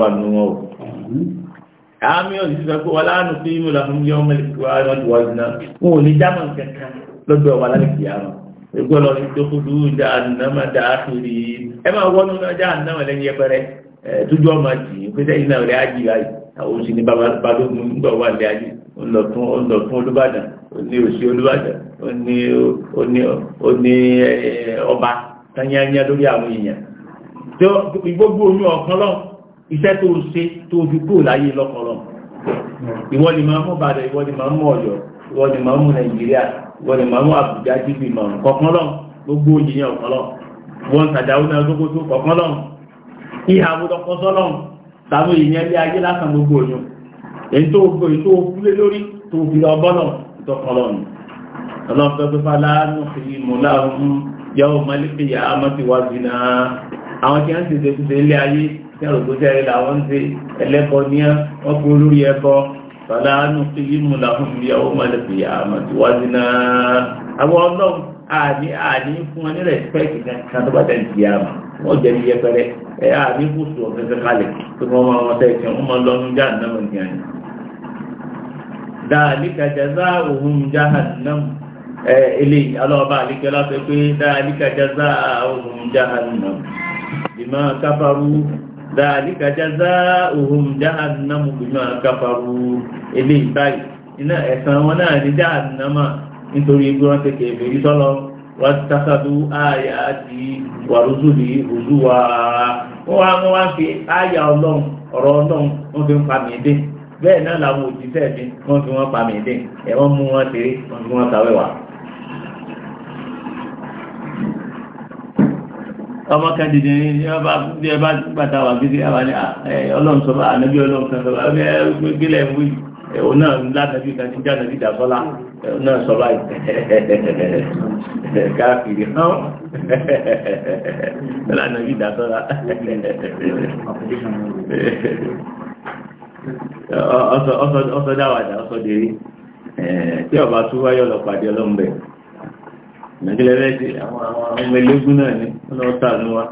àmì òsì sọ pé wàlá nù fi mú làwọn yọ ọmọ ìlú wa lọ́dún wájú náà wọn ò ní jámọ̀ kankan lọ́dún wa lálẹ́ kìyàmọ̀ ẹgbẹ́ lọ sí tókùdú jahannama dàákìrì ẹ máa wọ́n nínú jahannama lẹ́yìn ẹgbẹ́rẹ́ tójú ọmọ jì í pé sẹ́yìn náà rẹ̀ á jì báyìí àwọn òsì ní balógun nígbà wà lẹ́ ayé ńlọ̀tún olúbàdàn òní òsì olúbàdàn òní ọba tanyanya lórí àwọn èèyàn gbogbo oyún ọ̀kan lọ́wọ́ iṣẹ́ tó ṣe tó ju kúrò láyé lọ́kọ̀ọ́lọ́ ìwọ ni máa mú Ìbàdàn ìwọ ni máa mú Ọ̀yọ́ ìwọ ni máa mú Nàìjíríà ìwọ ni máa mú Àbújá jíbi mọ̀ kọ̀ọ̀kan lọ gbogbo òyìn ọ̀kan lọ wọn sàdáwó náà gbogbo àwọn tí wọ́n ti ṣe ilé ayé tẹ́rù tó jẹ́ ìlàwọ́ ń ṣe ẹlẹ́kọ ní ọkọ̀ olórí ẹbọ tọ́lá ánú sí yímú làwọn ìyá ó mọ̀lẹ̀ sí àmọ́ tí wá sí náà àwọn ọlọ́run àní àní fún wọn ní rẹ̀spẹ́kì kan tó bá tẹ̀ sí àmọ́ wọ́n jẹ́ ní yẹpẹrẹ ẹ̀ àní kù sùn ọ̀fẹ́fẹ́ kalẹ̀ tó wọ́n máa wọn tẹ̀ sí wọn máa lọ́nu alọ́ọ̀bá àlíkẹ́ láti pé dáadíkà jẹ́zá òhun jahannam bima kafaru dhalika jazaa'uhum jahannamu bima kafaru ilé ìbáyìí iná ẹ̀san wọn náà ní jahannama nítorí ibi wọn ti kèèmé rí sọ́lọ wọ́n ti tásádú ààyà àti wàrúzùlì òzúwà wọ́n wá wọ́n wá fi ààyà ọlọ́run ọ̀rọ̀ ọlọ́run wọ́n fi ń pa mí dé bẹ́ẹ̀ náà làwọn òjíṣẹ́ mi wọ́n fi wọ́n pa mí dé ẹ̀wọ́n mú wọn tèrè wọ́n fi wọ́n tàwẹ́wàá ọmọ kan dìde ní ẹ bá gbàtà wà gidi àwọn ní ọlọ́run sọ bá ànábí gílẹ̀ mú ẹ̀wọ̀n náà látàbí kan tí jáde dídà sọ́lá ẹ̀wọ̀n káàkiri hàn látàbí tí ìmọ̀kílẹ̀lẹ́sì àwọn ọmọ ilégún náà ni wọ́n lọ sàánú wa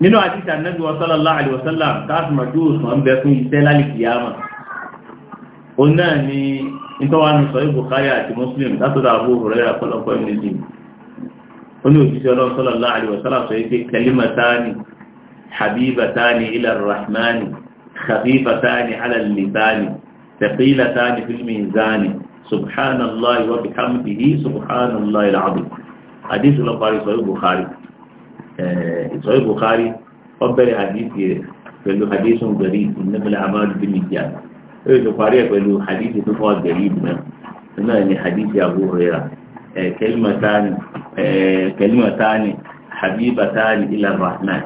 nínú àtìsà nẹ́bí sallallahu alaihi wasallam káàkiri tí ó sàn bẹ fún iṣẹ́ lálìkìyàmà ó náà ni ìtọ́wánu sọ Bukhari àti Muslim látọ̀dọ̀ Abu Hurairah pọ̀lọpọ̀ ìmìlì ó ní òjíṣẹ́ ọlọ́run sallallahu alaihi wasallam sọ pé kalimatani habibatani ila rahmani khafifatani ala lisani thaqilatani fil mizani subhanallah wa bihamdihi subhanallah alazim àdìsí lọ parí sọ̀rọ̀ Bukhari eh, sọ̀rọ̀ Bukhari ó bẹ̀rẹ̀ àdìsí rẹ̀ pẹ̀lú àdìsí gbẹ̀rí ìnáfẹ̀lẹ̀ amadu bí mi jà ó yẹ kó parí ẹ̀ pẹ̀lú àdìsí tó fọ́ gbẹ̀rí ìbùnà nínú ẹ̀ ní àdìsí Abu Hurairah kẹlímọ̀tánì eh, kẹlímọ̀tánì eh, habibatani ila rahman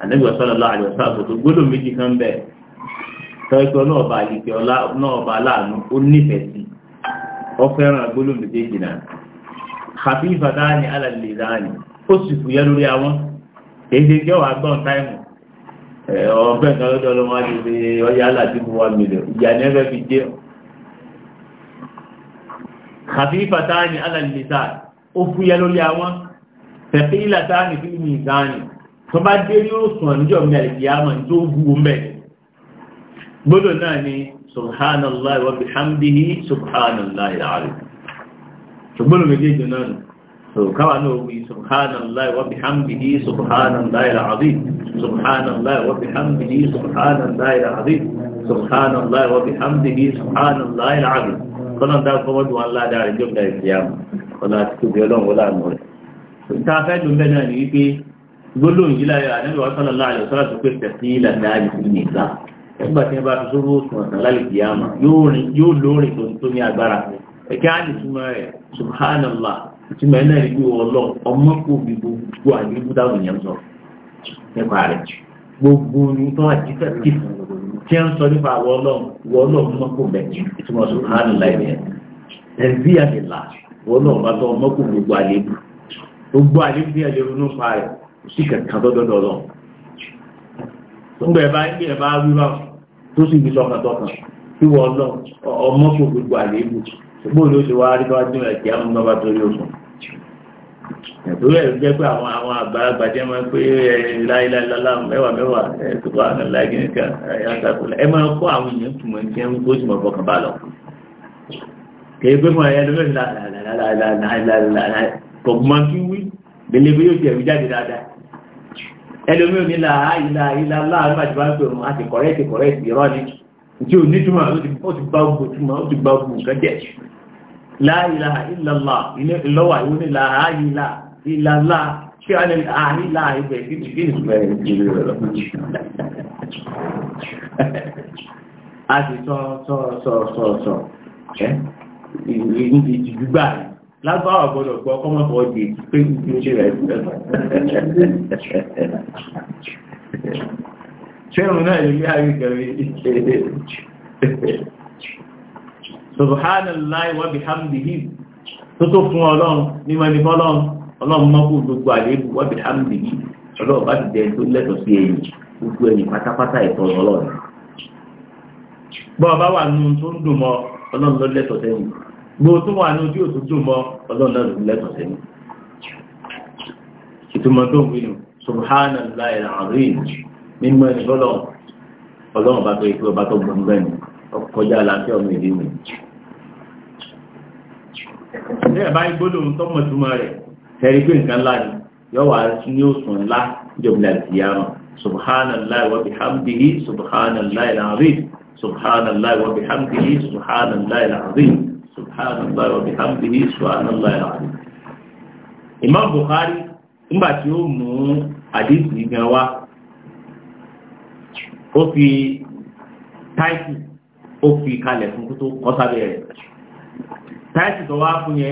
anabi sallallahu alaihi wasallam tó gbọ́dọ̀ méjì kan bẹ tọ́jú ọlọ́ọ̀bà àlìkẹ́ ọlá náà ọba aláàánú ó nífẹ̀ẹ́ sí ọfẹ́ràn agbóló méjèèjì náà kàfífà dáàni alàlè dáàni ó sì fúyẹ́ lórí àwọn èdè jẹ́ wà gbọ́n táìmù ọ̀fẹ́ nǹkan lọ́dọ̀ ọlọ́wọ́ ti fi ọyá aláàtí mú wa mílẹ̀ ìyá ni ẹgbẹ́ fi jẹ́ kàfífà dáàni alàlè dáàni ó fúyẹ́ lórí àwọn tẹ̀fẹ́ ìlà dáàni fi mí dáàni tó dé ní òsùn ọ̀nìjọ́ mi àlè kìí àmọ̀ tó wù ú gbọ́dọ̀ náà ni subhanallah wa bihamdihi subhanallah alazim ṣùgbọ́n méjèèjì náà nù káwà náà wí subhanallah wa bihamdihi subhanallah alazim subhanallah wa bihamdihi subhanallah alazim subhanallah wa bihamdihi subhanallah alazim kọ́nà dá fọwọ́dù wọn ládàá rẹ̀ jọ́ bẹ̀rẹ̀ sí àmà ọ̀nà àti tóbi ọlọ́run wọlé àmọ́ rẹ̀ ta fẹ́ ló bẹ́ẹ̀ náà ní wípé gbólóhùn yìí láyé àdébíwá sọ́lá láàrin ọ̀sọ́lá tó pèsè sí ìlànà àyè sí nìkan nígbà tí wọ́n bá fi sórí òsùn ọ̀sán lálẹ́kì yàmà yóò lóore tó ní agbára ẹ̀kẹ́ á lè túmọ̀ rẹ̀ subhanallah ìtumọ̀ ẹ̀ náà rí bí ọlọ́ ọmọ kò bí gbogbo àdébù táwọn èèyàn sọ nípa rẹ̀ gbogbo ní tó wà títà títà tí wọ́n sọ nípa àwọn ọlọ́run wọ́n ọlọ́run mọ́ bẹ̀ ìtumọ̀ subhanallah ẹ̀ ẹ̀zí àdìlà wọ́n náà bá tọ́ ọmọ gbogbo àdébù gbogbo àdébù ńgbà ẹ̀bá ńgbà ẹ̀bá wíwá tó sì fi sọ́kàtọ́kàn kí wọ́n lọ ọmọ kò gbogbo àléébù ṣùgbọ́n ló ṣe wá rí bá dín ẹ̀kí àwọn bàbá torí oṣù ìtòrí ẹ̀rù jẹ́ pé àwọn àwọn àgbàlagbà jẹ́ máa ń pé láìláìláìlá mẹ́wàá mẹ́wàá ẹ̀ẹ́dùkọ́ àwọn láìgínníkà ẹ̀yàtàkùnlẹ̀ ẹ máa kọ́ àwọn èèyàn túmọ̀ ní ẹ̀rù tó sì mọ̀ fọkàn bá ẹlòmí ò ní láàá ìlà ìlà láàrin àti bá ń pè wọn àti kọ̀rẹ́ẹ̀tì kọ̀rẹ́ẹ̀tì irọ́ ni tí ò ní túmọ̀ ó ti bá gbogbo túmọ̀ ó ti bá gbogbo nǹkan jẹ́ láàìlà ìlàlá ìlọ́wà ìwọ́n ní láàá ìlà ìlàlá tí a ní àìlà ibẹ̀ sí ti fíìsì bẹ̀rẹ̀ ìjìnlẹ̀ rẹ̀ a ti sọ sọ sọ sọ sọ ẹ́ ìgbà yìí lágbàwà gbọdọ̀ gbọ́ ọmọ bọ̀ di pé kúkú ṣe rẹ̀ ṣẹ́rùn náà lè rí àríkẹ̀rí subhanallahi wa bihamdihi tó tó fún ọlọ́run ní mẹ́ni fọ́lọ́run ọlọ́run mọ́kù gbogbo àléébù wa bihamdihi ọlọ́run bá ti jẹ́ tó lẹ́tọ̀ sí ẹ̀yìn gbogbo ẹ̀yìn pátápátá ẹ̀tọ́ ọlọ́run bọ́ọ̀ bá wà nínú tó ń dùn mọ́ ọlọ́run lọ́lẹ́tọ̀ sẹ́yìn gbogbo tó wà ní ojú òtútù mọ́ ọlọ́run náà ló lẹ́tọ̀ sẹ́yìn ìtumọ̀ tó ń wílù subhana allahi alazim mímọ́ ẹni bọ́lọ̀ ọlọ́run bá tó ikú ọba tó gbọ́n bẹ́ẹ̀ ni ọkọjá aláfẹ́ ọmọ ìdí mi. ní ẹ̀bá igbódò ń tọ́mọ̀ túmọ̀ rẹ̀ tẹ̀rí pé nǹkan ńlá ni yóò wá ní òsùn ńlá jọ̀bìlà ìyàrá wa bihamdihi subhana alazim subhana wa bihamdihi subhana alazim. subhanallah wa bihamdihi subhanallah alazim imam bukhari nígbà tí ó mú àdéhùn gan wa ó fi táìtì ó fi kalẹ̀ fún kótó kọ́sábẹ́ rẹ̀ táìtì tó wá fún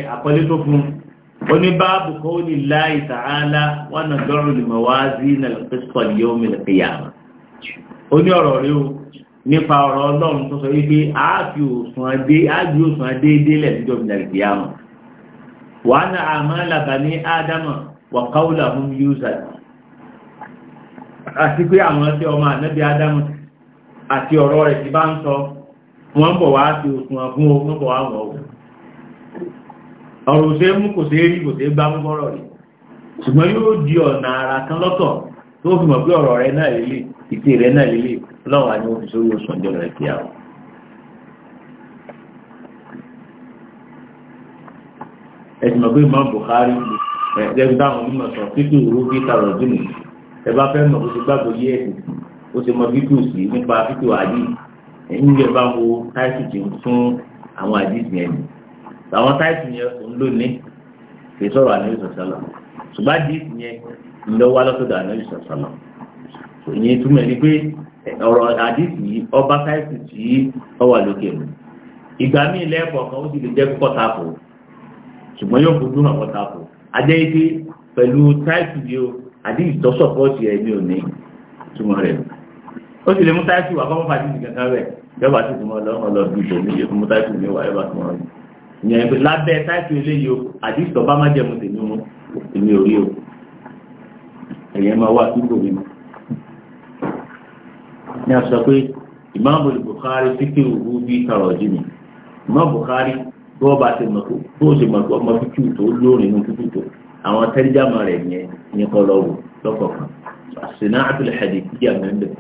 o. nípa ọ̀rọ̀ ọlọ́run tó sọ wípé àáfi òsùn a ájú òsùn adé délẹ̀ níjọ́ wà á na àmọ́ làbà ní ádámà wà káwùlà fún yúùsà àti pé àwọn tí ọmọ ànábì ádámà àti ọ̀rọ̀ rẹ̀ ti bá ń sọ wọ́n bọ̀ wá fi ogun bọ̀ ọ̀rọ̀ mú kò rí kò gbá rẹ̀ ṣùgbọ́n yóò di ọ̀nà kan lọ́tọ̀ tó fi mọ̀ lọ́wọ́ ni wọ́n fi sórí oṣù ọjọ́ rẹ̀ kí àwọn. ẹ̀sìn ọ̀gbẹ́ ìmọ̀ Bukhari ẹ̀ẹ́dẹ́gbẹ́ táwọn onímọ̀ sọ fífi ìrú bí kàrọ̀ ọdún nìyí ẹ bá fẹ́ mọ̀ kó ti gbàgbọ́ yé ẹ̀sìn ó ti mọ fífi òsì nípa fífi wàhálì ẹ̀yìn lè bá wo táìsì tí ń fún àwọn àdìsí ẹ̀mí àwọn táìsì yẹn kò ń lò ní kì í sọ̀rọ̀ àníyàn sọ̀sọ̀lọ̀ ṣùgbọ́n àdìsí yẹn ń lọ wá lọ́sọ̀dọ̀ àníyàn sọ̀sọ̀lọ̀ ìyẹn túmọ̀ ní pé ọ̀rọ̀ àdìsí ọba sáìsì tí ó wà lókè mu ìgbà míì lẹ́ẹ̀kọ̀ọ̀kan ó sì lè jẹ́ kókọ́ tako ṣùgbọ́n yóò fojú hàn kọ́ tako ajẹ́ ike pẹ̀lú sáìsì yìí o àdìsí tó sọ̀pọ̀tì ẹ̀ ní òní túmọ̀ rẹ̀ ó sì lè mú sáìsì wà kọ́kọ́ fàdí ìgbàkan rẹ̀ yọba sì túmọ̀ lọ́wọ́ lọ bí ìbò níye fún sáìsì mi wà yọba túmọ̀ rẹ̀ ìyẹn pé lábẹ́ sáìsì eléyìí o àdìsí tó bá má jẹ́ mu tèmi mu o èyẹ ní a sọ pé ìmáàmù Bukhari fíkì òwú bí kàrọ̀jì ni ìmáàmù Bukhari bọ́ọ̀bà ti mọ̀tò bóò ṣe mọ̀tò ọmọ fíkì tó lórin ní fíkì tó àwọn tẹ́lẹ̀jámà rẹ̀ yẹn ní kọlọ́wù lọ́kọ̀ọ̀kan àṣìná àtúlẹ̀ hadithi àmẹ́ńdẹ̀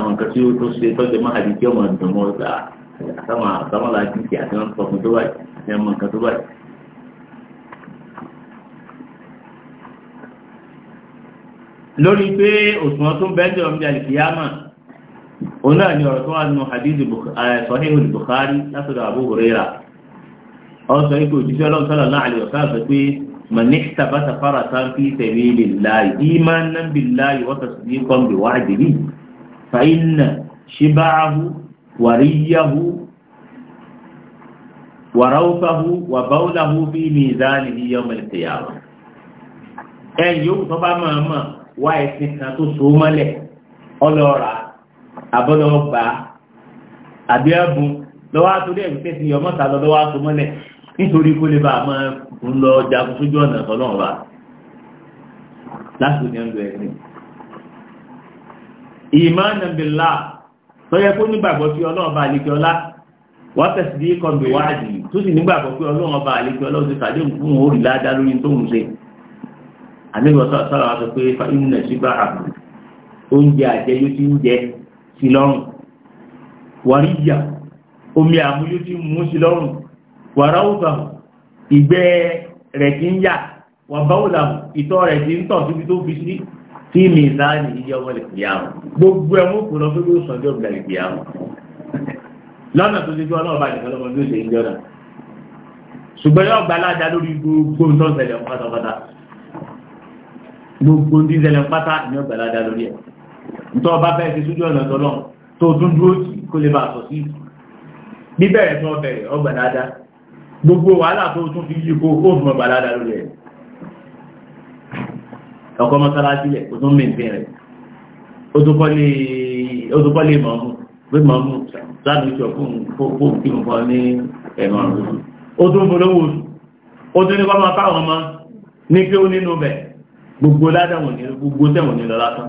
àwọn kan tí ó tó ṣe tọ́jú mọ́ hadithi ọmọ ìdùnnú ọ̀gá àtàwọn àtàwọn làjíǹkì àti wọn tọkùn tó báyìí ní ọmọ lórí pé òṣùwọ̀n tó ń bẹ́ẹ̀ dẹ̀ ọmọdé àlìkìyàmà òun náà ni ọ̀rọ̀ tó wà nínú hadith sọ́híhù Bukhari eh, látọ̀dọ̀ Abu Huraira ọ̀sọ̀ ikú òjíṣẹ́ ọlọ́run sọ́lọ̀ náà àlè ọ̀sán sọ pé mọ̀nìkítà bá safara tán fi sabilillahi imanan billahi wa tasdiqan bi wa'dihi fa inna shiba'ahu wariyahu wàráwùfáhù wà báwùláhù bí ní ìdáàlì ní yọmọ ìtìyàwó ẹ̀yìn yóò tó bá máa mọ̀ wá ẹ̀sìn kan tó so mọ́lẹ̀ ọlọ́ra àbọ́lọ́ gbà àbí ẹ̀bùn lọ́wọ́ àtúndé ẹ̀gbẹ́ sí ọmọ́ta lọ lọ́wọ́ àtó mọ́lẹ̀ nítorí kó lè bá a máa ń lọ jagun sójú ọ̀nà ọlọ́run wa lásìkò ní ọ̀dọ̀ ẹ̀sìn. ìmọ̀ nàbìlá tọ́yẹ kó nígbàgbọ́ sí ọlọ́run bá àlejò ọlá wọ́n tẹ̀sí bí kọ́ńbì wáàdì tó sì nígbàgbọ́ pé ọlọ́run bá àlejò ọlá ti pàdé fún òrì ládá lórí tó ń ṣe. àlejò sọ̀rọ̀ wa sọ pé fáyínà sí àbù oúnjẹ àjẹyó ti ń jẹ sí lọ́rùn wàríyà omi àmúyó tí mú sí lọ́rùn wàráwùsà ìgbẹ́ rẹ̀ tí ń yà wàbáwùsà ìtọ́ rẹ̀ tí ń tọ̀ síbi tó fi sí tí mi sáàdì ìyá ọmọ ìpìyàmù gbogbo ẹmú kò lọ fún ìsọjọ́ ìgbà ìpìyàmù lọ́nà tó ti fi ọlọ́run bá nìkan lọ́mọ bí ṣe ń jọ́nà ṣùgbọ́n yóò gba aládàá lórí gbogbo tó pátápátá gbogbo tí pátá ni yóò gba aládàá lórí ẹ̀ nítorí ọba bẹ́ẹ̀ ti sójú ọ̀nà tọ́lọ́ tó tún dúró tì kó lè bá a sọ sí ìtù bíbẹ̀rẹ̀ tó bẹ̀rẹ̀ ọgbà dáadáa gbogbo wàhálà tó tún fi yí kó ó fún ọgbà dáadáa lórí ẹ̀ ọkọ̀ mọ́sálásí lẹ̀ kó tún mẹ́ǹtẹ́ rẹ̀ ó tún kọ́ lé mọ́mú pé mọ́mú sáàdùn ìṣọ̀ fún kí n kọ́ ní ẹ̀mọ́ ó tún polówó oṣù ó tún ní kọ́ máa fáwọn ọmọ ní pé ó nínú bẹ̀ gbogbo ládàwọ̀n ní gbogbo tẹ̀wọ̀n ní lọ lásán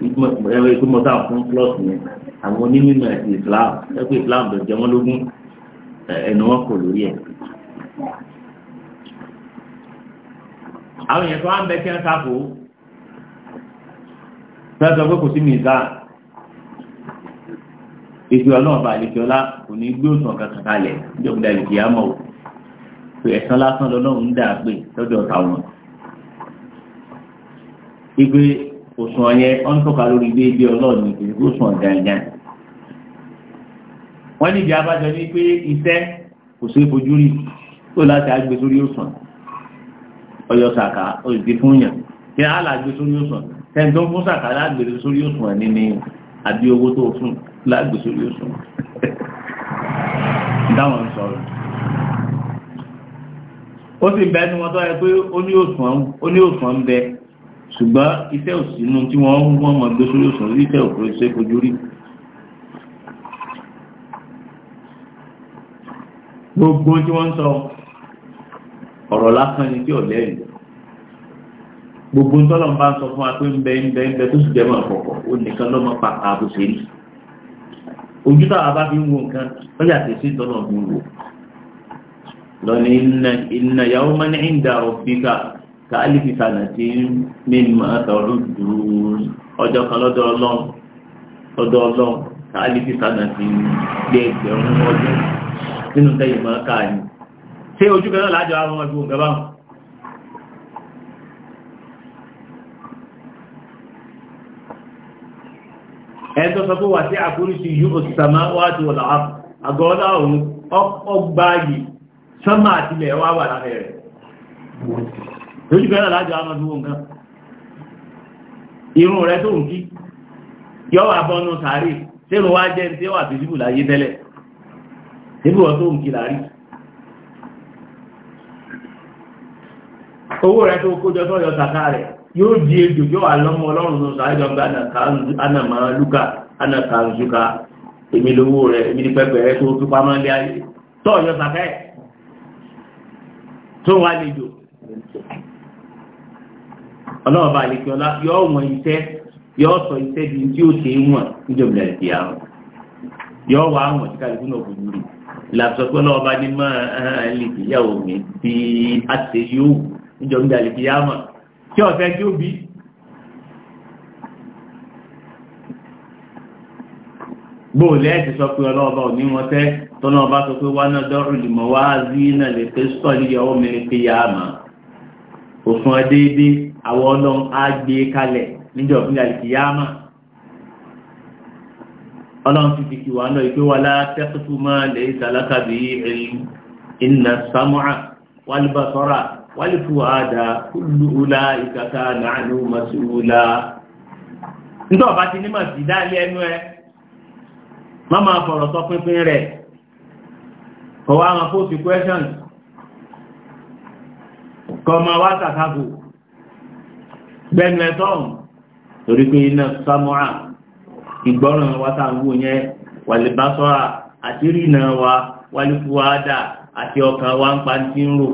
ẹ̀rọ ìtumọ̀ tá a fún plọ́ọ̀tù yẹn àwọn onímọ̀ ẹ̀sìn Islam ẹ̀kọ́ Islam lọ jẹ wọ́n lógún ẹ̀nà wọn kò lórí ẹ̀. àwọn èèyàn tó wá ń bẹ kí wọ́n sáfò fẹ́ sọ pé kò sí mìíta ètò ọlọ́ọ̀bà àlejòọlá kò ní gbé òsàn kankan kalẹ̀ níjọba ìdíyàmọ̀ o pé ẹ̀sán lásán lọ́lọ́run ń dà pé lọ́dọ̀ táwọn. ìgbé òṣùwọ̀n yẹn wọ́n ń tọ́ka lórí déédé ọlọ́ọ̀ni èyí òṣùwọ̀n dandan. wọ́n níbi abájọ ní pé iṣẹ́ kò ṣeé fojú rí tó láti àgbè sórí òṣùwọ̀n ọyọ sàkà òṣìṣẹ́ fún yàn kí á là gbé sórí òṣùwọ̀n tẹ́ni tó ń fún sàkà lágbè sórí òṣùwọ̀n ní ni àbí owó tó fún lágbè sórí òṣùwọ̀n dáwọn sọ̀rọ̀ ó sì bẹ́ẹ̀ ni wọ́n tọ́ ẹ pé ó ní òṣùwọ̀n ń bẹ ṣùgbọ́n iṣẹ́ òsínú tí wọ́n ń wọ́n mọ̀ gbé sórí òsùn orí iṣẹ́ òkúrò iṣẹ́ fojú rí gbogbo tí wọ́n ń sọ ọ̀rọ̀ lásán ni tí ò lẹ́yìn gbogbo tọ́lọ̀ ń bá sọ fún wa pé ń bẹ ń bẹ ń bẹ tó sì jẹ́ mọ̀ pọ̀pọ̀ ó nìkan lọ́mọ pàpà bó ṣe rí ojú táwa bá fi ń wo nǹkan ó yàtọ̀ sí tọ́lọ̀ ń wò lọ́ni inna yawman inda rabbika káàlìfì sànàtì mímọ́ àtọ̀rọ̀dùn ọjọ́ kan lọ́dọ̀ ọlọ́run lọ́dọ̀ ọlọ́run káàlìfì sànàtì gbé ẹgbẹ̀rún ọdún nínú tẹ́yìn máa káà ní ṣé ojú kan náà lájọ àwọn ọmọ ìgbòǹgà báwọn ẹ̀tọ́ sọ pé wà sí àkúrísí yóò sàmá wájú wọ̀lá àgọ́ọ́lá òun ọgbáyì sánmà àtìlẹ̀ wà wà láfẹ́ lójú fẹ́rẹ̀ lájọ amọ́dúwò nǹkan irun rẹ tó ń kí yọ wà bọ́nú sàárì sínú wá jẹ́ tí ó wà bìbù láyé tẹ́lẹ̀ níbi wọ́n tó ń kí láàrí owó rẹ tó kójọ sọ́yọ sàkà rẹ yóò di ejò yóò wà lọ́mọ ọlọ́run lọ sàárì jọba anàmà lúkà anàkà nzúkà èmi lówó rẹ èmi ní pẹpẹ rẹ tó ọlọ́run bá lè fi ọlá yọ wọn iṣẹ́ yọ sọ iṣẹ́ di tí ó ṣe é wọ̀n níjọba ìdí àwọn yọ wà wọn tí kálukú náà fojú rí làbùsọ̀pọ̀ ọlọ́run bá ní máa lè fi yàwó mi bí a ṣe yóò níjọba ìdí àwọn tí ọ̀fẹ́ tí ó bí bóòlù ẹ̀ ti sọ pé ọlọ́ọ̀bá ò ní wọn tẹ́ tọ́nà ọba sọ pé wọn náà dọ́rù lùmọ̀ wá sí náà lè fẹ́ sọ́ọ̀lì yọ̀wọ́ mi lè fi yá àmà òfin ọdẹ́ẹ́dẹ́ àwọn ọ̀nà àgbè kalẹ̀ níjọ́ fún àlìkìyàmà ọlọ́run ti fi kìwà náà ìpé wà látẹ́kùtù máa lè ìsàlákàbí ẹ̀yìn iná samu'a wálìbàtọ́rà wálìfúwàádà kúlù ula ìkàkà nàánú masúúlá nítọ́ bá ti nímọ̀ sí dáyé ẹnu ẹ má máa fọ̀rọ̀ sọ pínpín rẹ̀ kọ̀wá àwọn fóòsì questions kọ̀ máa wá sàkàbò gbẹ̀nẹ̀tọ́n torí pé iná samuel ìgbọ́ràn wa tá à ń wò yẹn wàlìbásọ́ra àti rìnà wa wàlìfúwádà àti ọkàn wa ń pa ti ń rò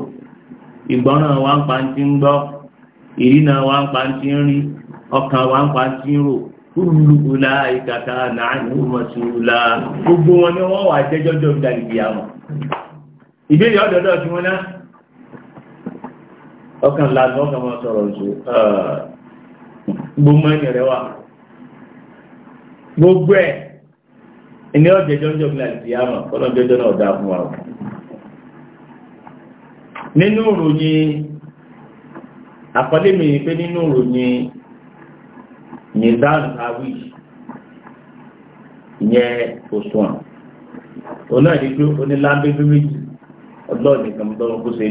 ìgbọ́ràn wa ń pa ń gbọ́ ìrìnà wa ń pa ti ń rí ọkàn wa ń pa ti wà jẹ́jọ́jọ́ ọkàn lànà ọkàn máa sọ̀rọ̀ jù gbogbo ẹni rẹ wà gbogbo ẹ̀ ìní ọ̀jẹ̀jọ́ ń jọ̀gbìn àti ìyáàmà ọlọ́jọ́jọ́ náà dá fún wa nínú ìròyìn àkọlé mi pé nínú ìròyìn nìdáhùn àwí ìyẹn òṣùwọ̀n òun náà ní pé onílábẹ́bẹ́ méjì ọlọ́ọ̀nì kan tó ń kó ṣe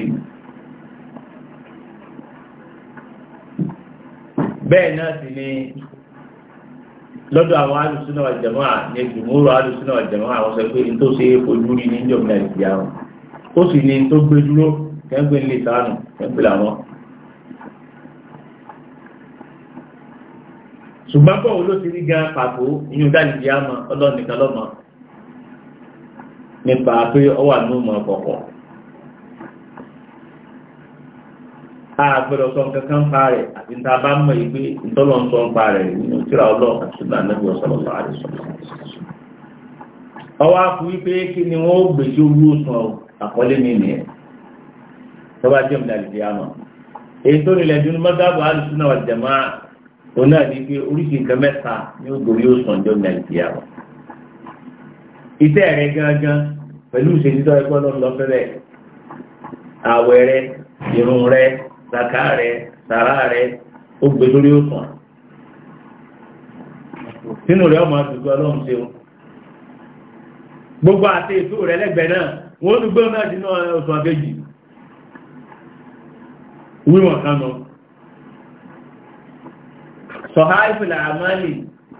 bẹ́ẹ̀ náà sì ni lọ́dọ̀ àwọn alùsùnà àjẹmọ́ à ní ìgbìmọ̀rò alùsùnà àjẹmọ́ àwọn sọ pé n tó ṣe ojú rí ní ìjọba nàìjíríà wọn ó sì ní tó gbé dúró kẹ́ńpé ń lè sánù kẹ́ńpé làwọn. ṣùgbọ́n bọ́ọ̀ ló ti rí gan pàtó inú dálìdí àmọ́ ọlọ́ọ̀nìkan lọ́mọ nípa pé ọwà ní òmò ọ̀pọ̀pọ̀ àgbẹ̀dọ̀ sọ nǹkan kan pa rẹ̀ àti níta bá mọ̀ yìí pé ìtọ́lọ̀ ń sọ ń pa rẹ̀ nínú tíra ọlọ́ àti ṣùgbọ́n ànábì ọ̀sọ̀rọ̀ sọ àrẹ sọ. ọwọ́ àfú wípé kí ni wọ́n gbè tí ó wú òsùn àkọlé mi nìyẹn tó bá jẹ́ ìmìlẹ̀ àdìdì àmọ́. èyí tó nílẹ̀ dúnú mọ́tàbù àdìsú náà jẹ̀mọ́ òun náà di pé oríṣi nǹkan mẹ́ta ni ó gorí òsùn ọjọ́ ìmìlẹ̀ àdìdì àmọ́ zaka rẹ̀ sàrá rẹ̀ ó gbé o òsàn sínú rẹ̀ ọmọ àti ọlọ́run o gbogbo àti ètò lẹ́gbẹ̀ẹ́ náà wọ́n ti gbé náà sínú òsàn àbẹ́jì wíwọ̀n kan sọ̀há ìfìlà àmàlì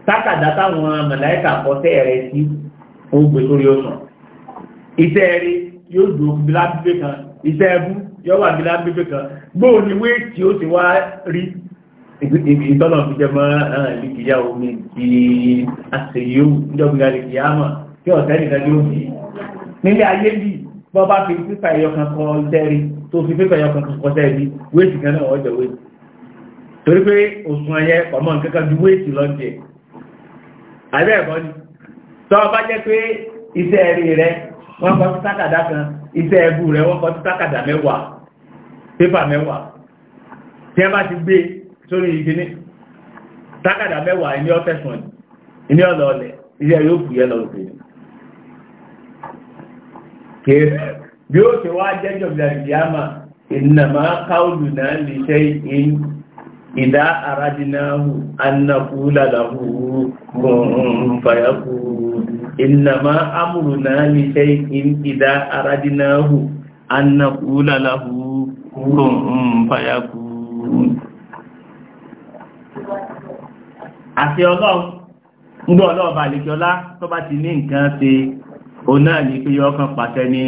tákàdá táwọn màláíkà kọsẹ́ rẹ̀ sí ó gbé lórí òsàn iṣẹ́ rí yóò dùn bí kan yọ wà ní lábẹ́fẹ́ kan gbóò ní wé tí ó ti wá rí ìtọ́nà fi jẹ mọ́ ah, ìlìkìyà omi ti àṣeyíò níjọ́gbìnà ìlìkìyà mọ̀ tí ọ̀tẹ́ nìkan ló fi nílé ayé bí bọ́ bá fi pípa ẹ̀yọ kan kọ sẹ́rí tó fi pípa ẹ̀yọ kan kọ sẹ́rí wéètì kan náà ọjọ́ wéètì torí pé òsùn ẹyẹ ọmọ nǹkan kan ju wéètì lọ jẹ àbẹ́ ẹ̀kọ́ ni tọ́ bá jẹ́ pé iṣẹ́ rí rẹ wọ́n kọ́ sí tákàdá kan iṣẹ́ ẹbú rẹ̀ wọ́n kọ́ sí tákàdá mẹ́wàá pépà mẹ́wàá tí ẹ bá ti gbé sórí ìgbéní tákàdá mẹ́wàá ilé ọ́tẹ̀sùn ilé ọlọ́ọ̀lẹ̀ ilé yóò fù yẹ lọ́rọ̀ pẹ̀lú bí ó ṣe wá jẹ́jọ̀ ìdàgbìyàmà ìnàmà káùlù náà lè ṣe ìyìn ìdá àrádínáhù annakúlà láhúrú gùn fàyàkú ìnàmá amúrù náà lè ṣe ìdá àrádínáhù annakúlà láhúrú gùn fàyàkú àti ọlọ́run ngbọ́ ọlọ́ọ̀bà àlèkíọlá tó bá ti ní nǹkan ṣe o náà ní pé yọ́ kan pàṣẹ ní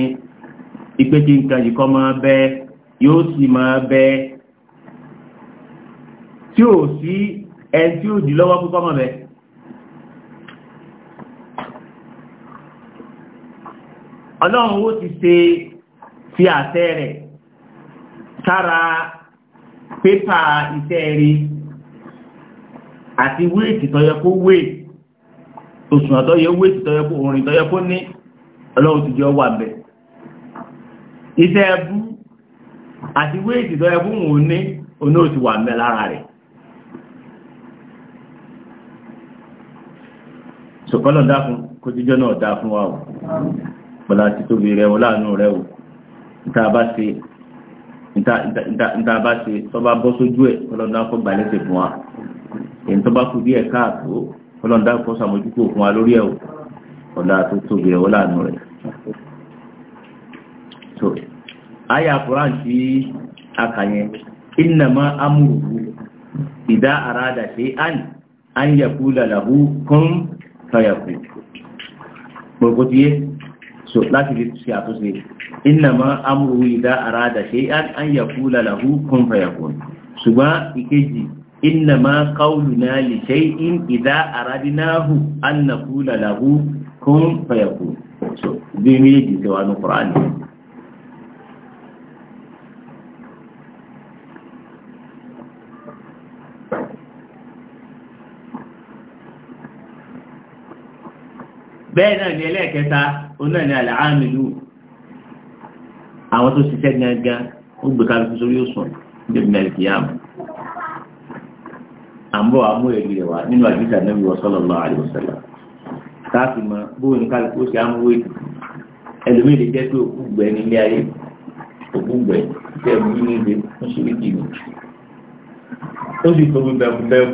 ipé tí ò sí ẹn tí ò dì lọ́wọ́ púpọ̀ mọ̀ bẹ́ẹ̀ ọlọ́run ó ti ṣe fi àṣẹ rẹ̀ sára pépà iṣẹ́ rí àti wéètì tọ́yẹ kó wéètì òṣùnà tọ́yẹ wéètì tọ́yẹ orin tọ́yẹ ní ọlọ́run ti jọ wà bẹ̀ iṣẹ́ ẹbú àti wéètì tọ́yẹ kó ní oní òsì mẹ́ lára rẹ̀ sọ̀kọ́lọ̀ dá fún kó jíjọ́ náà dá fún wa o bọ́lá ti tóbi rẹ o láàánú rẹ o níta bá ṣe níta bá ṣe tó bá bọ́ sójú ẹ̀ kọ́lọ́ dá kó gbalẹ̀ ṣe fún wa èyí tó bá kú díẹ̀ káàtó kọ́lọ́ dá kó sàmójúkú fún wa lórí ẹ̀ o ọ̀la tó tóbi rẹ o láàánú rẹ. ayé àkùrán tí a kà yẹn innama amúrùú ìdá àràdà ṣe án an yakula lahu kun fayafid gbogbotiye so láti fi ṣe àtúnṣe innama amruhu idha arada shay'an an yaqula lahu kun fayakun ṣùgbọ́n ìkejì innama qawluna li shay'in idha aradnahu an naqula lahu kun fayakun so bí méjèèjì ṣe wà ní Kùránì bẹ́ẹ̀ náà ni ẹlẹ́ẹ̀kẹta òun náà ni àlàámìlú àwọn tó ṣiṣẹ́ gangan ó gbé kálukú sórí òsùn bíbí mẹ́lìkìyàmù àmbọ̀ àmú èrí rẹ̀ wá nínú àdìsá Ànábì sallallahu alaihi wasallam káàfì mọ bóyá ní kálukú ó ṣe amúwé ẹlòmíì lè jẹ́ pé òkú gbẹ nílé ayé òkú tẹ́ ẹ̀mú nínú ilé ó ṣe méjì nù ó sì tóbi bẹ́ẹ̀ bẹ́ẹ̀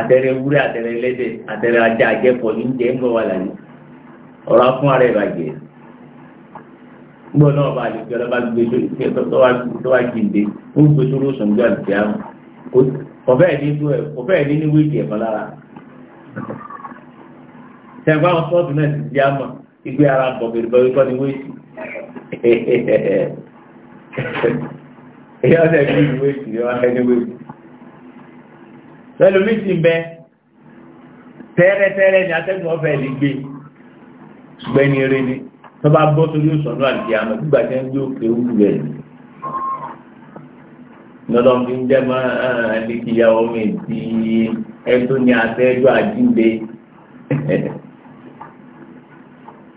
àtẹrẹ ewúrẹ́ àtẹrẹ ẹlẹ́dẹ̀ àtẹrẹ ajá àjẹpọ̀ ní jẹ́ ń bọ̀ wà láyé ọ̀rọ̀ fún ara ìbàjẹ́ gbọ́ náà bá àlejò ọlọ́ba gbé tó wá jíǹde ó gbé tó lóṣùn ní àlùfẹ́ àmọ́ ọ̀fẹ́ ẹ̀ ní tó ẹ̀ ọ̀fẹ́ ẹ̀ ní ní wíìkì ẹ̀fọ́ lára ṣẹ̀gbọ́n àwọn sọ́ọ̀tù náà ti di àmọ́ ìgbé ara bọ̀ bèrè bọ̀ wípọ́ ní wíìkì ẹ̀yọ́ ọ̀sẹ̀ ní wíìkì ẹ̀yọ́ ọ̀sẹ̀ ní wíìkì ẹlòmí ti bẹ tẹ́rẹ́tẹ́rẹ́ ni atẹ́gùn ọ̀fẹ́ lè gbé ṣùgbẹ́ ni eré ni tó bá bọ́ sórí òṣùnà àti àmọ́ gbígbà tẹ́ ń gbé òkè òwú rẹ̀ lọ́dọ̀ fi ń jẹ́ mọ́ ah, ẹni kí ìyàwó mi ti ẹtọ́ ní atẹ́jọ́ àjínde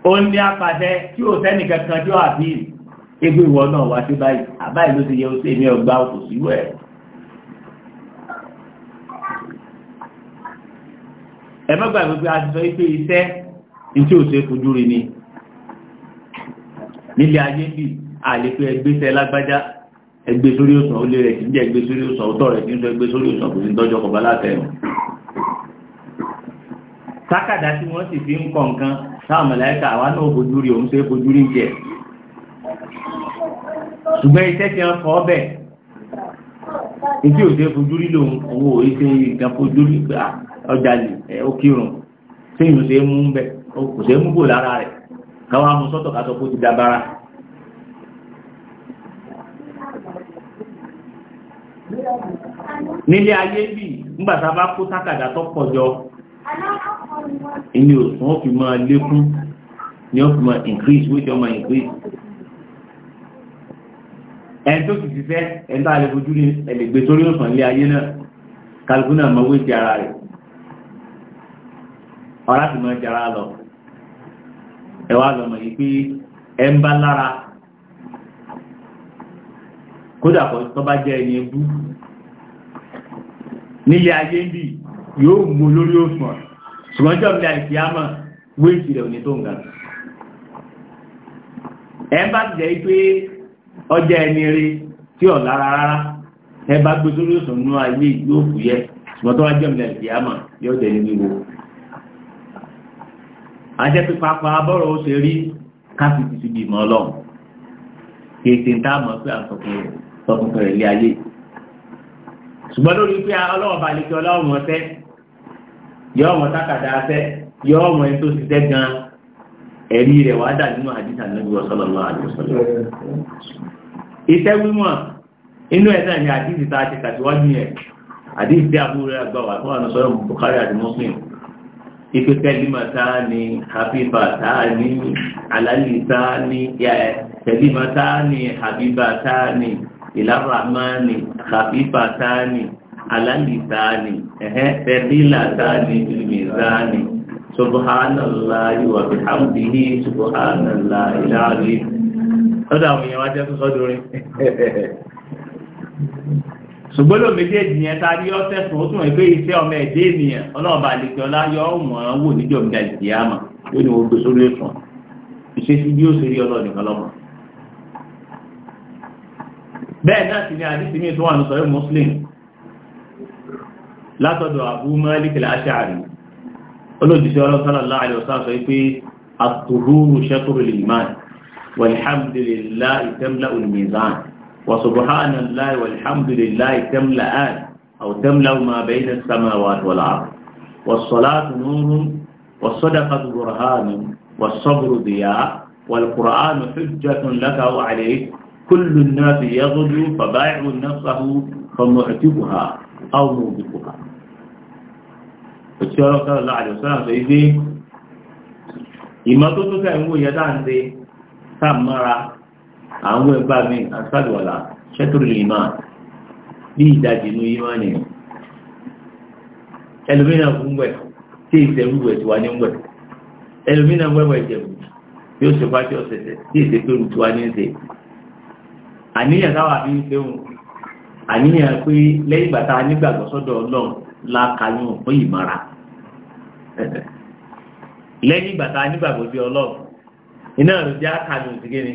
ó ní apàṣẹ tí ò sẹ́ni kankan tí ó àbí egbé ìwọ náà wá sí báyìí àbáyìí ló ti yẹ ó sí èmi ọgbà òkùnṣíwẹ̀ ẹ má gbàgbé pé a ti sọ pé iṣẹ́ tí ò ṣe fojú rí ni nílé ayé bì àlè pé ẹgbẹ́sẹ̀ lágbájá ẹgbẹ́ sórí òsàn ó lé rẹ̀ kì í jẹ́ ẹgbẹ́ sórí òsàn ọ̀tọ̀ rẹ̀ kì í sọ ẹgbẹ́ sórí òsàn kò sí tọ́jọ́ kọ̀ọ̀bá látẹ̀yìn sákàdá tí wọ́n sì fi ń kọ nǹkan táwọn mọ̀láìkà àwa náà fojú rí òun ṣe fojú rí jẹ ṣùgbọ́n iṣẹ́ ti ń fọ́ ọbẹ̀ etí ò lòun owó orí ṣe nǹkan fojú gbà ọjà lè ẹ ó kírun tí ìlú ṣe mú ń bẹ kò ṣe mú bò lára rẹ̀ káwọn amú sọ́tọ̀ ká sọ pé ó ti dábára. nílé ayé bì ńgbàtà bá kó tákàdá tó pọ̀ jọ ìní òsùn ó fi máa lékún ni ó fi máa increase wíṣọ máa increase ẹni tó sì ti fẹ́ ẹni tó àlefojúrí ẹ̀lẹ́gbẹ́ sórí òsàn ilé ayé náà kálukú náà máa wéṣẹ ara rẹ̀ ọ̀rá sì mọ́ jara lọ ẹwà lọ́mọ yìí pé ẹ lára kódà kọ́ tó bá jẹ́ ẹni ẹbú nílé ayé ń bì yóò mú lórí òṣùwọ̀n ṣùgbọ́n jọ́ mi àìsí àmọ́ wéèsì rẹ̀ ò ní tó ń ga ti jẹ́ pé ọjà ẹni rí tí ọ̀ lára rárá ẹ bá gbé sórí àjẹ́ pípapọ̀ abọ́rọ̀ ó ṣe rí káfíìsì síbi ìmọ̀ ọlọ́run kéèké ń táàmọ̀ pé àtọkùn tọkùnkùn rẹ̀ lé ayé ṣùgbọ́n lórí pé ọlọ́run bá lè fi ọlọ́run ọ̀tẹ́ yọ ọmọ tákàdá afẹ́ yọ ọmọ ẹni tó ṣiṣẹ́ gan ẹ̀rí rẹ̀ wá dà nínú àdìsá níbi ọ̀sọ́lọ́lọ́ àdìsọ́lọ́ iṣẹ́ wímọ̀ inú ẹ̀ náà ni àdìsí ipe tẹ́límà táà ní habiba táà ní alali táà ní tẹ́límà táà ní habiba táà ní ìlàràmánì habiba táà ní alali táà ní ẹ̀hẹ́ tẹ́lílà táà ní ìlmìzáàní subhanallahi wa bihamdihi subhanallahi láàrin ọdọ̀ àwọn èèyàn wá tó sọ́dọ̀ rí ṣùgbọ́n ló méjèèjì yẹn ta rí ọ́sẹ̀ fún ó tún ẹgbẹ́ iṣẹ́ ọmọ ẹ̀dẹ́ ènìyàn ọlọ́ọ̀bà àlejò ọlá yọ ọ̀mọ̀ wò níjọ́ ìgbà ìdí àmà ó ní ogbè sórí ẹ̀sùn ìṣesí bí ó ṣe rí ọlọ́ọ̀dì kan lọ́mọ. bẹ́ẹ̀ náà sì ni àdìsí mi tó wà ní sọ̀rọ̀ muslim látọ̀dọ̀ Abu Malik al وسبحان الله والحمد لله تملأان أو تملأ ما بين السماوات والأرض والصلاة نور والصدقة برهان والصبر ضياء والقرآن حجة لك وعليك كل الناس يغدو فبايع نفسه فمعتبها أو موبقها òṣìṣẹ́ الله عليه وسلم sọ ìgbé àwọn ẹgbà mi asálùwàlà ṣẹ́tùrù lè máa bí ìdajì inú yí máa nìyàn ẹlòmínà fún wẹ̀ tí ìṣẹ̀rú wẹ̀ tí wà ní wẹ̀ ẹlòmínà wẹ̀wẹ̀ ìṣẹ̀rú yóò ṣe fájì ọ̀sẹ̀sẹ̀ tí ìṣẹ̀ pé rùtù wà ní ṣe àníyàn táwà bí ń fẹ́ wọn àníyàn pé lẹ́yìn bàtà nígbàgbọ́ sọ́dọ̀ ọlọ́run lákàáyún fún ìmọ̀ra lẹ́yìn bàtà nígbàgbọ́ bí ọlọ́run iná rẹ̀ jẹ́ àkàáyún sí ni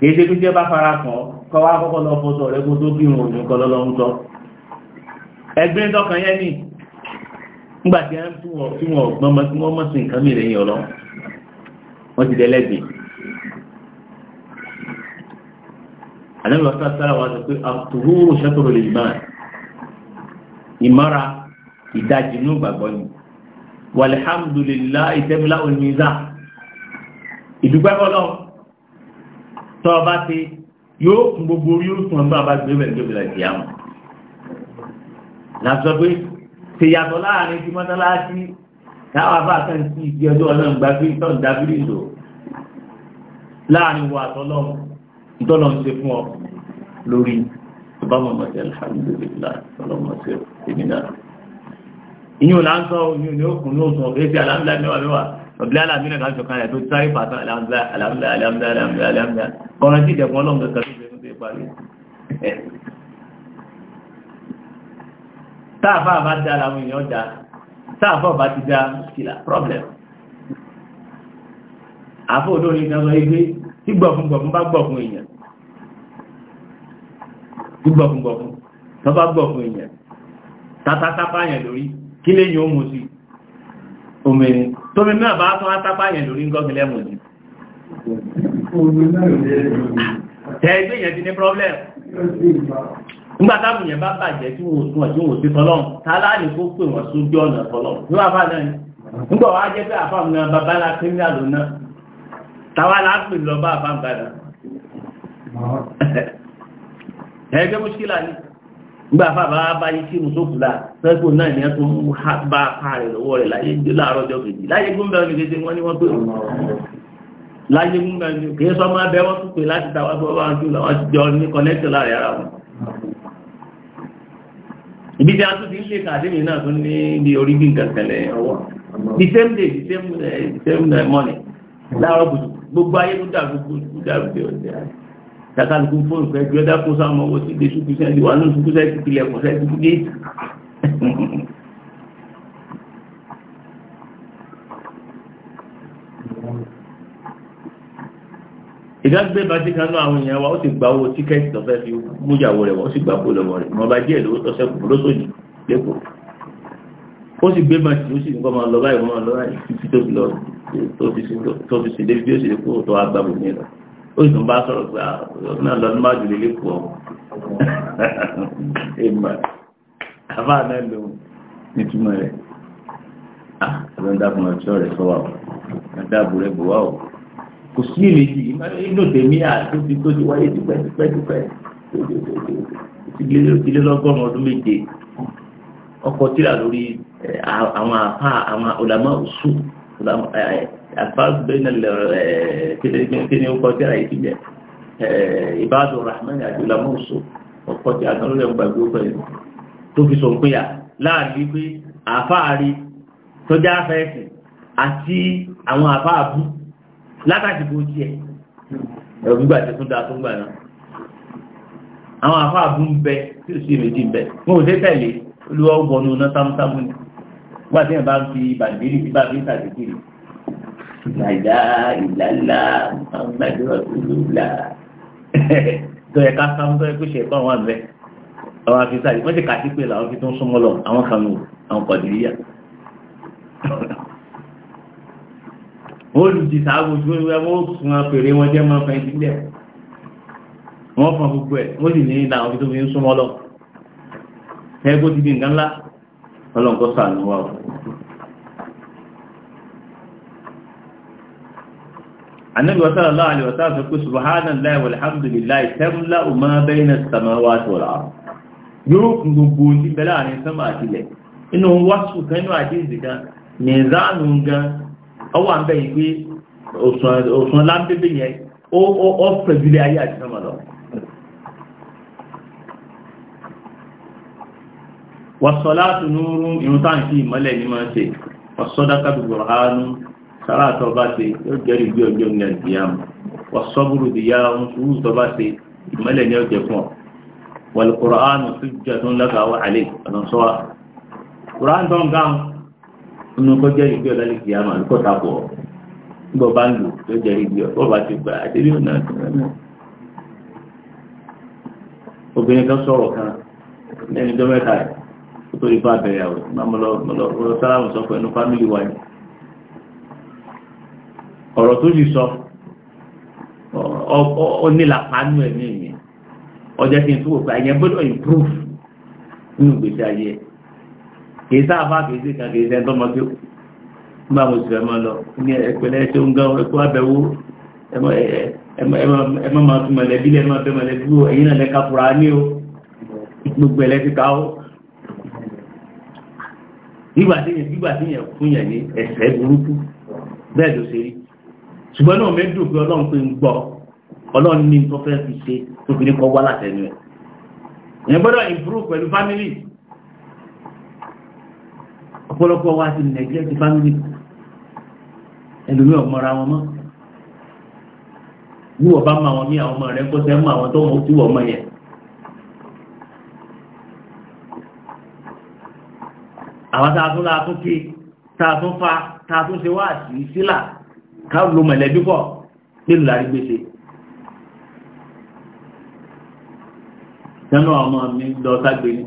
kìí ṣe pípẹ́ bá fara kàn kọ́ wá kọ́kọ́ lọ fọ́sọ rẹ̀ kó tó kírun òní kọ́ lọ́lọ́run sọ ẹgbẹ́ tọkàn yẹn nì nígbà tí wọ́n tí wọ́n tí wọ́n gbọ́n mọ́ tí wọ́n mọ̀ sí nǹkan mìíràn yẹn lọ wọ́n ti dẹ́lẹ́gbẹ̀ẹ́ àlẹ́ lọ sáà sára wọn sọ pé àtúrò ṣẹ́tọ̀rọ̀ lè máa ìmọ́ra ìdajì ní ìgbàgbọ́ ni wàlẹ́hàmdùlélá ìtẹ́mílá òní ìdúpẹ́ fọlọ́run tọ́ ọba ti yóò kún gbogbo orí òsùn ọgbà bá gbé bẹ̀rẹ̀ gbé bẹ̀rẹ̀ sí àwọn. làtọ́ pé tèyàtọ̀ láàrin tí mọ́tálásí táwọn afá kan sí ìdí ọjọ́ ọlọ́run gba pé tọ́ ń dábìrì lò láàrin wo àtọ́lọ́run ìtọ́lọ́run ṣe fún ọ lórí ọbámọ̀ mọ̀tẹ́ alhamdulilayi ọlọ́mọ sí ẹ̀mí náà. ìyún là ìyún ni ó ní òsùn ọ̀fẹ́ alámìlá ọ̀dílẹ̀ aláàmì náà káàkiri kan rẹ̀ tó sáré pàtàkì aláàmdá aláàmdá aláàmdá aláàmdá aláàmdá kọ̀ọ̀rọ̀ sí ìdẹ̀kùn ọlọ́run kankan tó ṣe tó parí. táàfà bá dá làwọn èèyàn dá táàfà bá ti dá kìlà problem. àfọ olórin kan sọ pé tí gbọ̀fúngbọ̀fún bá gbọ̀fún èèyàn tí gbọ̀fúngbọ̀fún tó bá gbọ̀fún èèyàn tátátápá yẹn lórí kí lè yín ó mú sí omi tómi náà bá tún átápá yẹn lórí ń gọ́gílẹ̀ mọ̀ jù tẹ́ẹ̀gbé yẹn ti ní problem nígbàtàbù yẹn bá bàjẹ́ tí wọ́n sún ọ̀tí wọ́n sí tọ́lọ́m tààlá ní kó pè wọ́n sójú ọ̀nà tọ́lọ́m ní wà fáà náà nígbà wá jẹ́ pé àfáàmù náà bàbá la gbà bàbá bá yí kí mùsùlùmí la sẹ́kù náà ní ẹ̀tún bá pa rẹ̀ lọ́wọ́ rẹ̀ láyé ní láàárọ̀ ọjọ́ kejì láyé gúnbẹ̀ ọ̀nà kejì wọ́n ní wọ́n pè láyé gúnbẹ̀ ọ̀nà kejì sọ máa bẹ́ wọ́n tún pè láti tàwa bọ́ wá jù lọ́wọ́ jọ ní kọ́nẹ́tì láàrin ara wọn. ibi tí a tún ti ń lè kàdémì náà tún ní bí sakaluku fóònù fẹ́ jọ dákó sáwọn owó sí ilé ṣùkú sẹ́ẹ̀dì wà ní ṣùkú sẹ́ẹ̀dì kílẹ̀ ẹ̀kọ́ sẹ́ẹ̀dì kú dé. ìdágbé bàtí kan náà àwọn èèyàn wa ó ti gba owó tíkẹ́ẹ̀tì tó fẹ́ fi múyàwó rẹ̀ wọ́n sì gbà kó lọ́wọ́ rẹ̀ wọ́n bá díẹ̀ lówó tọ́sẹ̀ kù lóṣòdì lẹ́kọ̀ọ́ ó sì gbé bàtí ó sì nǹkan máa lọ báyìí máa lọ báyìí títí tó fi lọ tó fi sí débi bí ó sì lè kó tó agbábọ̀ ní lọ ó sì tún bá sọ̀rọ̀ pé ah, ọdún náà lọ́dún má jù lélẹ́ pọ̀ ẹ̀mà àbá náà lò nítumọ̀ rẹ̀ àbẹ̀ ah, ń dàbọ̀ ọjọ́ rẹ̀ sọ́wọ́ ọ̀ dàbọ̀ rẹ̀ bùwá ọ̀ kò sí èléjì inú tèmi àti tó ti wáyé tipẹ́ tipẹ́ tipẹ́ ìdílé lọ́gọ́rùn-ún ọdún méje ọkọ̀ tíra lórí eh, àwọn àpá àwọn ọ̀làmọ́ òṣù ìbáàdùn eh, eh, eh, rahman àti ìlàmọ́sọ ọ̀pọ̀ tí a tán lórí ọgbà gbogbo ẹ̀ tó fi sọ pé à láàrin pé àfáàrí tó já fẹ́ẹ̀sì àti àwọn àfáàbú látàkìbò tí ẹ̀ ẹ̀rọ̀gbígbà tí tún dá tó gbà náà àwọn àfáàbú ń bẹ tí ò sí èméjì ń bẹ wọn ò dé tẹ̀lé olúwa ó bọnú náà sámúsámú ni wọ́n àti ìbá fi bàbírí bíbá fi sàdékìrì ìlàjà ìlàlà Muhammadu Rasulullah tó yẹ ká sáwọn tó yẹ kó ṣe ẹ̀kọ́ àwọn àbẹ̀ àwọn afi sáré wọ́n ti kà sí pé làwọn fi tó ń súnmọ́ lọ àwọn kanu àwọn kọ̀dìríyà bóòlù ti sáàbò tí wọ́n wọ́n wọ́n sun apèrè wọn jẹ́ máa fẹ́ sílẹ̀ wọ́n fọn gbogbo ẹ̀ wọ́n sì ní ìlànà fi tó fi ń súnmọ́ lọ ẹgbó ọlọ́run kó sàánú wa o. النبي صلى الله عليه وسلم يقول سبحان الله والحمد لله تملأ ما بين السماوات والأرض yóò kún gbogbo ní bẹ́lá àrin sánmà àtìlẹ̀ inú wáṣù kan inú àdíjì kan mẹ́zánù gan ọwà ń bẹ̀yìn pé òṣùn lámbébé yẹn ó fẹ̀júlé ayé àti sánmà lọ wàsọ̀láàtù núurú irun táǹkì ìmọ́lẹ̀ ní máa ṣe wàsọ́dáká gbogbo àánú sáráàtọ̀ bá ṣe yóò jẹ́rìí bí ọjọ́ ní àdìyàmù wàsọ́bùrù dìyà ohun sùúrù tó bá ṣe ìmọ́lẹ̀ ní ọjọ́ fún ọ wàlùkùrọ̀ àánú tó jẹ́ tó ń lọ́gà wà àlè ọ̀nà sọ́wà kùrán tó obìnrin kan sọ̀rọ̀ kan lẹ́ni dọ́mẹ́ta rẹ̀ kó tó lè bá àbẹ̀yàwó mọ́lọ sálámù sọ pẹ̀lú fámìlì wa ni ọ̀rọ̀ tó sì sọ ọ nílàpánú ẹ̀mí mi ọjọ́ kí n tó wò pé àyẹ̀ gbọ́dọ̀ improve nínú ìgbésí ayé kì í sáàbà kì í sí kan kì í sẹ́ńtọ́ mọ́ kí ó nígbà mo sì fẹ́ mọ́ lọ ní ẹ̀pẹ̀lẹ́ tó ń gan ẹ̀kọ́ àbẹ̀wò ẹ̀mọ́ máa tún mọ̀lẹ́bí lẹ́nu abẹ́mọ̀lẹ́bí ẹ̀yìn náà lẹ́ka nígbà tí yẹn nígbà tí yẹn fún yẹn ní ẹsẹ̀ burúkú bẹ́ẹ̀ ló ṣe rí ṣùgbọ́n náà mẹ́dùn pé ọlọ́run pé ń gbọ́ ọlọ́run ní tó fẹ́ fi ṣe tó fi ní kọ́ wá látẹnu ẹ̀ yẹn gbọ́dọ̀ improve pẹ̀lú family ọ̀pọ̀lọpọ̀ wa ti neglect family ẹlòmí ọ̀mọ́ra wọn mọ́ bí wọ́n bá mọ àwọn mí àwọn ọmọ rẹ̀ kó sẹ́ mọ àwọn tó mọ tí wọ́n mọ yẹn àwọn tààtún láàtún kí tààtún fa tààtún ṣe wá sí sílà káàrù ló mọ̀lẹ́bí pọ̀ nínú lárí gbèsè nínú ọmọ mi lọ ságbé ní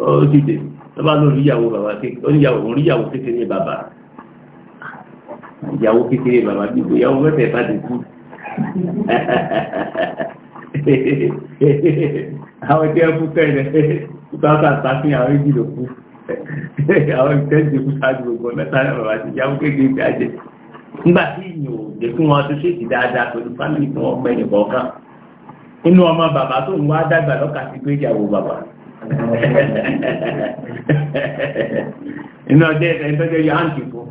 ó ti dè tó bá lórí ìyàwó bàbá oníyàwó oníyàwó kékeré bàbá ìyàwó kékeré bàbá gbogbo ìyàwó mẹ́fẹ̀ẹ́ bá ti kú àwọn tí wọ́n kú kẹ́lẹ̀ tó bá bá sáfihàn àwọn ìjìnlẹ̀ kú àwọn ìtẹ́sí ìfúsájú gbogbo mẹ́ta náà bàbá ti jáwó kékeré bí ajé nígbà tí ìyìn ò jẹ́ kí wọ́n ṣe ti dáadáa pẹ̀lú fámìlì tí wọ́n mẹ́yìn kọ̀ọ̀kan inú ọmọ bàbá tó ń wá dàgbà lọ́kà sí pé ìyàwó bàbá inú ọjọ́ ẹ̀fẹ́ ìtọ́jọ́ yóò hàn kìfọ́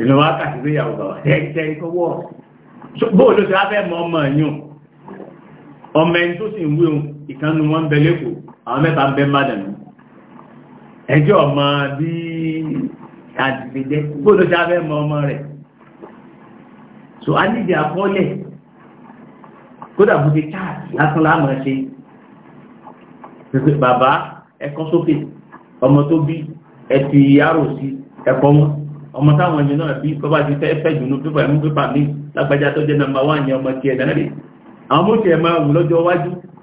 inú wa kà sí pé ìyàwó bàbá ẹ̀ẹ́dẹ́ ìkọwọ́ bóò ló ti wá fẹ́ mọ ọmọ ẹ̀yùn ọmọ ẹni tó sì ń wé ìkànnì wọn ń bẹ lẹ́kọ̀ọ́ àwọn mẹ́ta ń bẹ mádàmù ẹjọ́ ọmọ bí àdìgbèdẹ́ gbọ́dọ̀ tí a fẹ́ mọ ọmọ rẹ̀ so a níbi àkọọ́lẹ̀ kódà bó ti káàkì lásán láàmà ṣe pẹ̀pẹ̀ bàbá ẹ̀kọ́ sókè ọmọ tó bí ẹ̀tì yàrò sí ẹ̀kọ́ wọn ọmọ táwọn ẹni náà bí bọ́bá ti fẹ́ fẹ́ jùlọ pípa ẹ̀mú pípa mi lágbájá tó jẹ́ nàmbà wà ní ọmọ tiẹ̀ dáná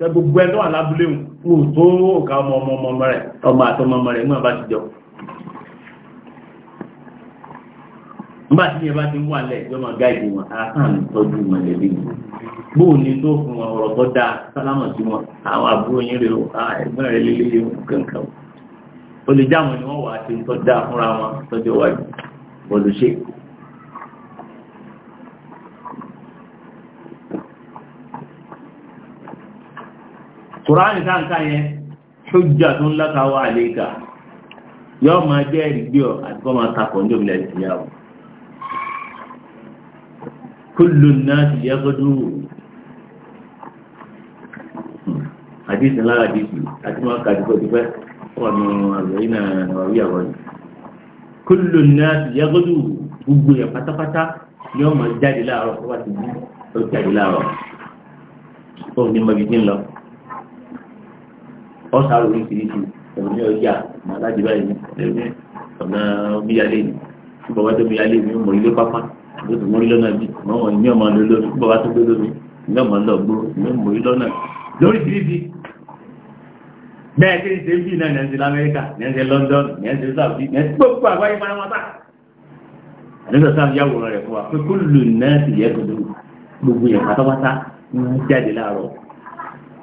tẹ gbogbo ẹ̀tọ́ alábúlé wò tó ọ̀ká ọmọ ọmọ ọmọ rẹ̀ ọmọ àtọmọmọ rẹ̀ níwọ̀n bá ti jọ nígbà tí yẹn bá ti wà lẹ̀ ìjọba gáìdì wọn àtàn ah, ah, tọ́jú mọ̀lẹ́bí bóò ní tó fún wọn ọ̀rọ̀ tó dáa sálámọ̀ sí wọn àwọn àbúrò yín rèé o ah, ẹ̀gbọ́n rẹ̀ lélẹ́yẹ kankan o lè já ni wọ́n wà á ti tọ́jú àfúnra wọn tọ́jú wájú bọ́lù ṣe kùránì táǹkà yẹn ṣójà tó ń láka wá àlékà yóò máa jẹ́ ìgbé ọ àti kọ́ máa takọ̀ ní òmìnira ti yá o kúlù náà ti yẹ kọ́dú àdìsí ńlá àdìsí àti wọn kà dìbò dìbò ọ̀nà àgbẹ̀yìn náà wàwí àwọ̀yìn kúlù náà ti yẹ kọ́dú gbogbo yẹn pátápátá yóò máa jáde láàárọ̀ tó bá ti bí ó jáde láàárọ̀ ó ní mọ̀bí tí ń lọ ọ̀sán orí kìrìkì ẹ̀mí ọjà màláàjì báyìí lẹ́mí ọ̀nà omíyalé ni tí bàbá tó omíyalé mi mọ̀ ilé pápá tó tó mọ̀ ilé náà bí mọ̀ ìmí ọmọ lọ lómi tí bàbá tó gbé lómi ìmí ọmọ lọ gbó ìmí mọ̀ ilé náà lórí kìrìkì bẹ́ẹ̀ kí n ṣe ń bí náà ní ẹ̀ńsẹ̀ lamẹ́ríkà ní ẹ̀ńsẹ̀ London ní ẹ̀ńsẹ̀ Saudi ní ẹ̀ńsẹ̀ gbogbo àgbáyé paramọ́tà àdúgbò sáà yàwòrán rẹ̀ fún wa pé kó lù náà sì yẹ gbogbo gbogbo yẹn pátápátá ń jáde láàárọ̀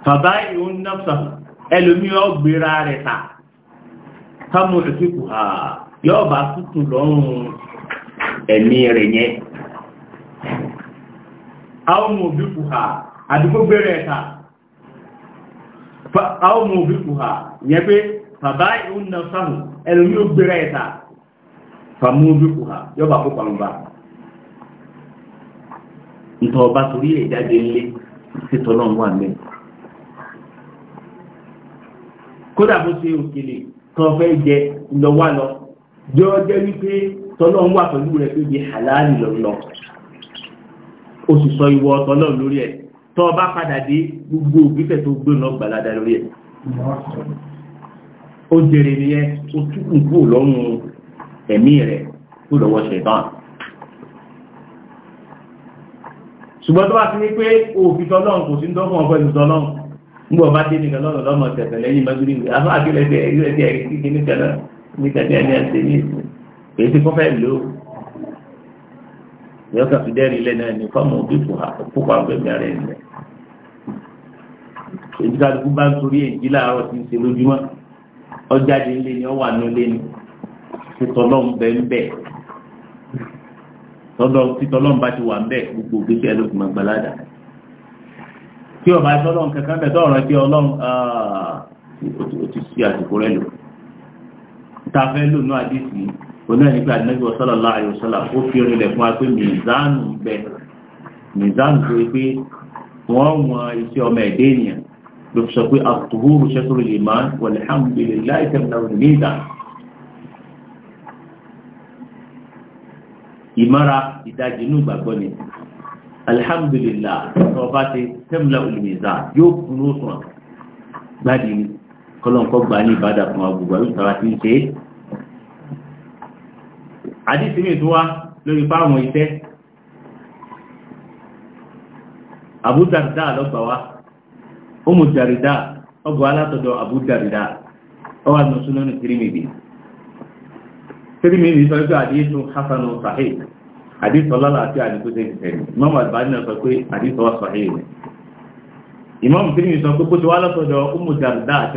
bàbá ìhun náà sọ̀rọ̀ ẹlòmí ọ gbéra rẹ̀ ta támù ìsìnkú ha yóò bá tútù lọ́rùn ẹ̀mí rẹ̀ yẹn àwọn ọmọ òbí kù ha àdúgbò gbéra ẹ̀ ta àwọn ọmọ òbí kù ha yẹ pé bàbá ìhùn náà sáhùn ẹlòmí ó gbéra ẹ̀ ta fàmú òbí kù ha yóò bá kó pàmò bá ntọ́ ọba torí ẹ̀jáde ńlé sí tọ́lọ́ wà mẹ́rin kódà bó ṣe òkèlè kan fẹ́ jẹ lọ́wọ́ lọ jọ jẹ́ wípé tọ́lọ́ ń wà pẹ̀lú rẹ̀ pé bí halali lọ́lọ́ o sì sọ ìwọ tọ́lọ́ lórí ẹ̀ tọ́ bá padà dé gbogbo òbífẹ́ tó gbé lọ gbàládà lórí ẹ̀ ó jèrè nìyẹn ó túkùn kú lọ́rùn ẹ̀mí rẹ̀ kú lọ́wọ́ ṣẹ̀tàn ṣùgbọ́n tó bá ti ní pé òfin tọ́lọ́run kò sí ń dọ́gbọ̀n ọ̀fẹ́ ìtọ́lọ́run ngbọ bá dé nìkan lọ́nà lọ́mọ tẹ̀tẹ̀ lẹ́yìn magiri wò afọ àkílẹ̀ tẹ ẹgbẹ́ tẹ ẹgbẹ́ kíkí ní kẹlẹ́ ní kẹlẹ́ ní ẹsẹ̀ ní ìsìn èyí tí kọ́fẹ́ lò ó yọ kàfi dẹ́rì ilẹ̀ náà ní fọ́ọ̀mù òbí fúnpa ọ̀gbẹ̀mí ara ẹ̀ lẹ̀ èyí kálukú bá ń torí èyí láàárọ̀ tí ń ṣe lójúmọ́ ọjáde ńlé ni ọwà nù lé ni títọ́lọ́m bẹ́ ń bẹ́ títọ́lọ́m bá ti wà ń bẹ́ gbogbo ògbésẹ̀ ló fi máa tí ọba ìtọ́lọ́n kankan bẹ̀ tọ́ọ̀rọ̀ pé ọlọ́run ah, ó ti sí àsìkò rẹ̀ lò tafẹ́ lò ní àdìsí oní ẹni pé àdínẹ́gbẹ̀ ọ̀sọ́lọ̀lá àyọ̀sọ́lá ó fi orin rẹ̀ fún wa pé mìzánù bẹ mìzánù tó yẹ pé wọ́n wọn iṣẹ́ ọmọ ẹ̀dẹ́ ìgbàgbọ́ ni alhamdulillah tọba ti tẹ́mùlá olùmìzà yóò kún ní òsùn gbádi kọlọ̀nkọ́ gbà ní ìbádà fún agbègbè àwọn ìtara ti ń ṣe é àdísí mi tó wá lórí fáwọn iṣẹ́ Abu Darda lọ́gbà wá Umu Darda ọgbà alátọ̀dọ̀ Abu Darda ọwà nùsùn lónìí Tirmidhi Tirmidhi sọ pé àdísí hasanu sahih حديث صلى الله عليه وسلم كوزي في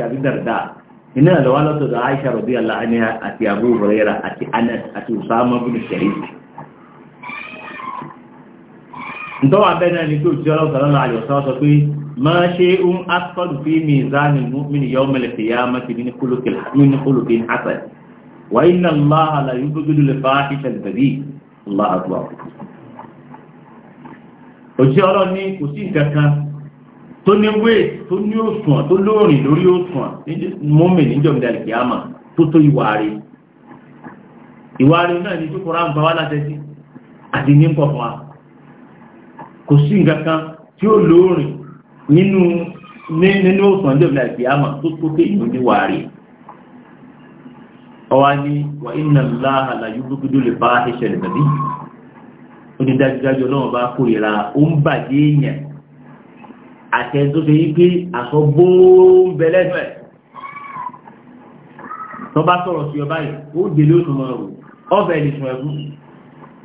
ابي درداء ان لو ولا تو عائشه رضي الله عنها اتي ابو هريره اتي انس اتي اسامه بن شريك ndo abena ni tu jola sala na ayo sala sofi ma shi um asqal fi mizan al mu'min yawm al qiyamah min kulli al min kulli al asad wa inna allaha la Allah akbar òṣì ọlọ́run ní kò sí ìkankan tó ní wéè tó ní òṣùwọ̀n tó lóòrìn lórí òṣùwọ̀n mọ́mì tó tó ìwà ìwà náà ní tókòrò láti àti ní pọ̀pọ̀ wa kò sí tí ó lóòrìn nínú òṣùwọ̀n tó tó ọwá ní wà iná láàá àlàyé gbogbo lè bá ṣẹlẹ̀ tàbí oní dájúdájú ọlọ́run bá kórìíra ó ń bàjẹ́ èèyàn àtẹ́ni tó ṣe yí pé àṣọ gbóòǹbẹ lẹ́nu ẹ̀ tó bá sọ̀rọ̀ sí ọba yìí ó délé ó tún mọ̀ rò ọbẹ̀ lè sùn ẹ̀kú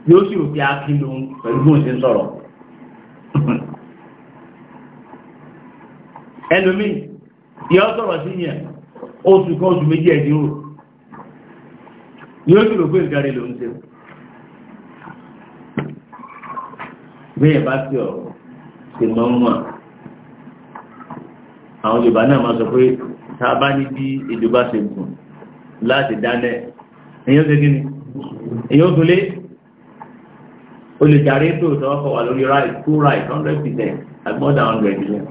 yóò sì rò pé a kí lòun pẹ̀lú bóun yóò sì rò pé nǹkan rẹ̀ ló ń ṣe bẹ́ẹ̀ bá sí ọ̀rọ̀ ṣe mọ́ ń wà àwọn Yorùbá náà máa sọ pé tá a bá ní bí èdè bá ṣe gùn láti dálẹ̀ èyàn ṣe gíní èyàn tó lé olùdarí tó tọ́wọ́kọ̀ wà lórí right two right hundred percent àti more than hundred percent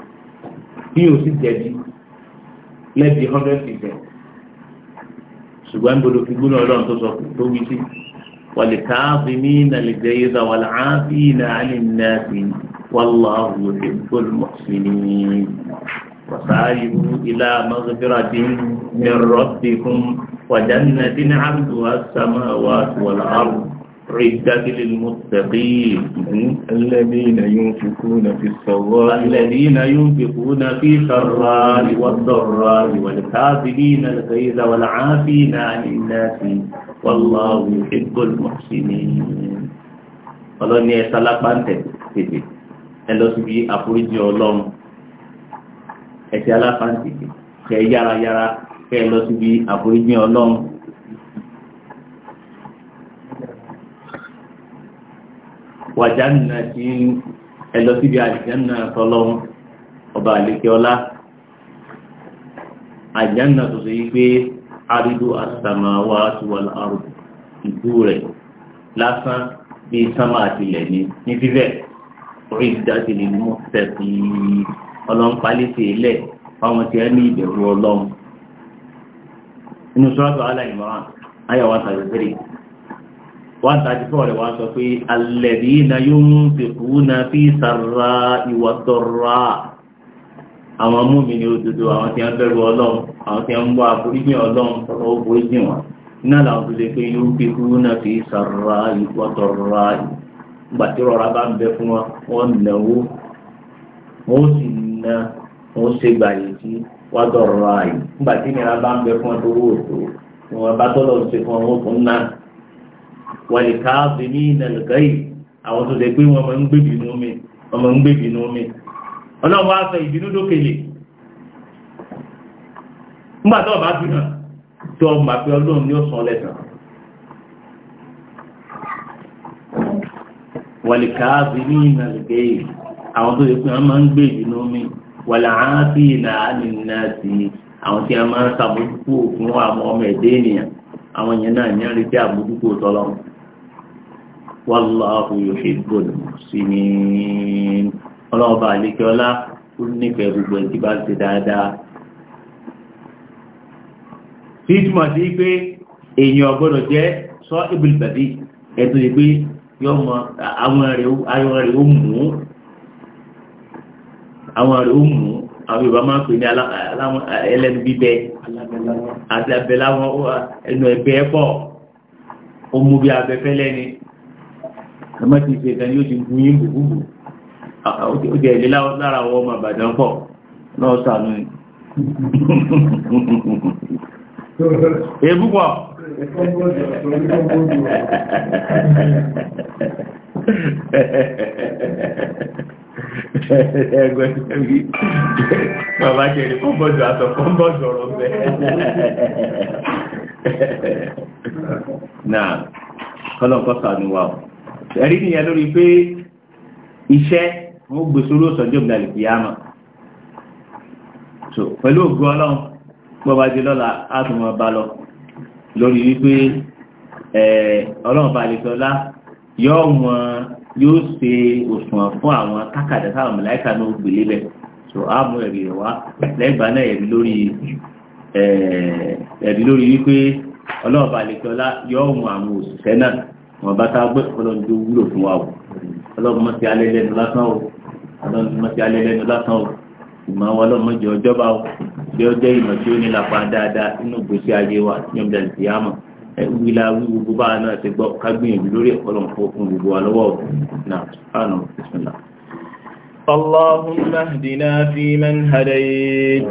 bí o sì jẹ̀bi lẹ́bi hundred percent ṣùgbọ́n gbọ́dọ̀ fi gbọ́dọ̀ ọlọ́run tó sọ tó wí sí والكاظمين الجيظ والعافين عن الناس والله يحب المحسنين وسارعوا إلى مغفرة من ربكم وجنة عرضها السماوات والأرض عدة للمتقين الذين ينفقون في السراء الذين ينفقون في السراء والضراء والكاذبين الغيظ والعافين عن الناس والله يحب المحسنين Ọlọ́run ni ẹ̀sà lápáǹtẹ̀ tètè ẹ lọ síbi àforíjì Ọlọ́run ẹ̀sẹ̀ alápáǹtẹ̀ tètè kẹ yára yára kẹ lọ síbi àforíjì Ọlọ́run wàjánà tí ẹlọ síbi àjánà tọ́lọ́run ọba àlékẹ́ ọlá àjánà tó ṣe wípé àrídò àsàmàwà àtúwàl àrùn ìdú rẹ̀ lásán bíi sánmà àtìlẹ̀ ní ní fífẹ̀ orí ìdájọ́ lè mú tẹ̀sí ọlọ́run pálíṣe ilẹ̀ fáwọn tí ẹ ní ìbẹ̀rù ọlọ́run inú sọ́rọ́ tó aláìmọ́ràn ayọ̀wá tàbí one thirty four rẹ̀ wọ́n sọ pé alladhina yunfiquna fi sarra'i wa dharra'i àwọn mùmínì òdodo àwọn tí wọ́n bẹ̀rù ọlọ́run àwọn tí wọ́n ń bọ́ àforíjì ọlọ́run tọrọ òforíjì wọn iná làwọn tó lè pé yunfiquna fi sarra'i wa dharra'i gbàtí rọra bá ń bẹ fún wọn wọ́n náwó wọ́n sì ná wọ́n ṣe gbàyè sí wá dọ̀rọ̀ wọn ṣe fún wàlìkáàbì ní ìnàlùgáyì àwọn tó dẹ̀ pé wọn mọ̀ ń gbébìnú mi ọmọ ń gbébìnú mi ọlọ́run wá sọ ìbínú dókèlè nígbà tó ọba bínú tó ọmọ àpẹ ọlọ́run ní ọ̀sán lẹ́sàn wàlìkáàbì ní ìnàlùgáyì àwọn tó dẹ̀ pé wọn mọ̀ ń gbébìnú mi wàlàáfì ìlànà ìnáàtì àwọn tí a máa ń sàmójúkú fún àwọn ọmọ ẹ̀dẹ́ ènìyàn àwọn yẹn náà ní àrídí àmójúkú tọ́lọ́run wallahu yuhibbul muhsinin ọlọ́ọ̀bà àlekẹ́ọ́lá ó nífẹ̀ẹ́ gbogbo ẹ̀ tí bá ti dáadáa. tí túmọ̀ sí pé èèyàn ọgbọ́dọ̀ jẹ́ sọ ibùdókàdì ẹ̀tọ́ yìí pé yọ mọ àwọn rẹ̀ ó mú àwọn rẹ̀ ó mú àwọn yorùbá máa ń pè ní ẹlẹ́nu bíbẹ́ àti abẹ́láwọn ẹnu ẹ̀bẹ́ pọ̀ ó mú bí abẹ́fẹ́lẹ́ ni ẹmọ́ ti ṣe ìtàn yóò ti gún yín gbogbo ó jẹ́ ìlé lára ọwọ́ ọmọ àbàdàn pọ̀ náà sànú ni èébú pọ̀ ẹgbẹ́ ìgbẹ́rí bàbá jẹ́ ní kọ́bọ̀dù àtọ̀ kọ́bọ̀dù ọ̀rọ̀ bẹ́ẹ̀ náà kọ́lọ̀kọ́ sànú wa ọ̀ ẹ̀rí nìyẹn lórí pé iṣẹ́ wọn gbé sórí òsànjọ́ ìgbàlẹ̀ kìyàmà so pẹ̀lú ògùn ọlọ́run gbọ́ba jẹ lọ́la á tún máa bá lọ lórí wípé ọlọ́run bá lè sọlá yóò wọn yóò ṣe òṣùwọ̀n fún àwọn kákàdá táwọn mọ̀láìkà náà gbélé bẹ̀ so á mú ẹ̀rí rẹ̀ wá lẹ́gbàá náà ẹ̀rí lórí ẹ̀rí lórí wípé ọlọ́run bá lè sọlá yóò wọn àwọn òṣìṣẹ́ náà wọn bá tá a gbé ọlọ́run tó wúlò fún wa o ọlọ́run mọ̀ sí alẹ́ lẹ́nu lásán o ọlọ́run mọ̀ sí alẹ́ lẹ́nu lásán o ìmọ̀ àwọn ọlọ́run mọ̀ jẹ́ ọjọ́ba o bí ọjọ́ ìmọ̀ tí ó ní lápá dáadáa nínú ìgbésí ayé wa yóò dẹ̀ sí àmọ̀ ẹ wíla wíwu bó bá náà ti gbọ́ ká gbìyànjú lórí ọlọ́run fún okun gbogbo wa lọ́wọ́ o náà fáànù اللهم اهدنا فيمن هديت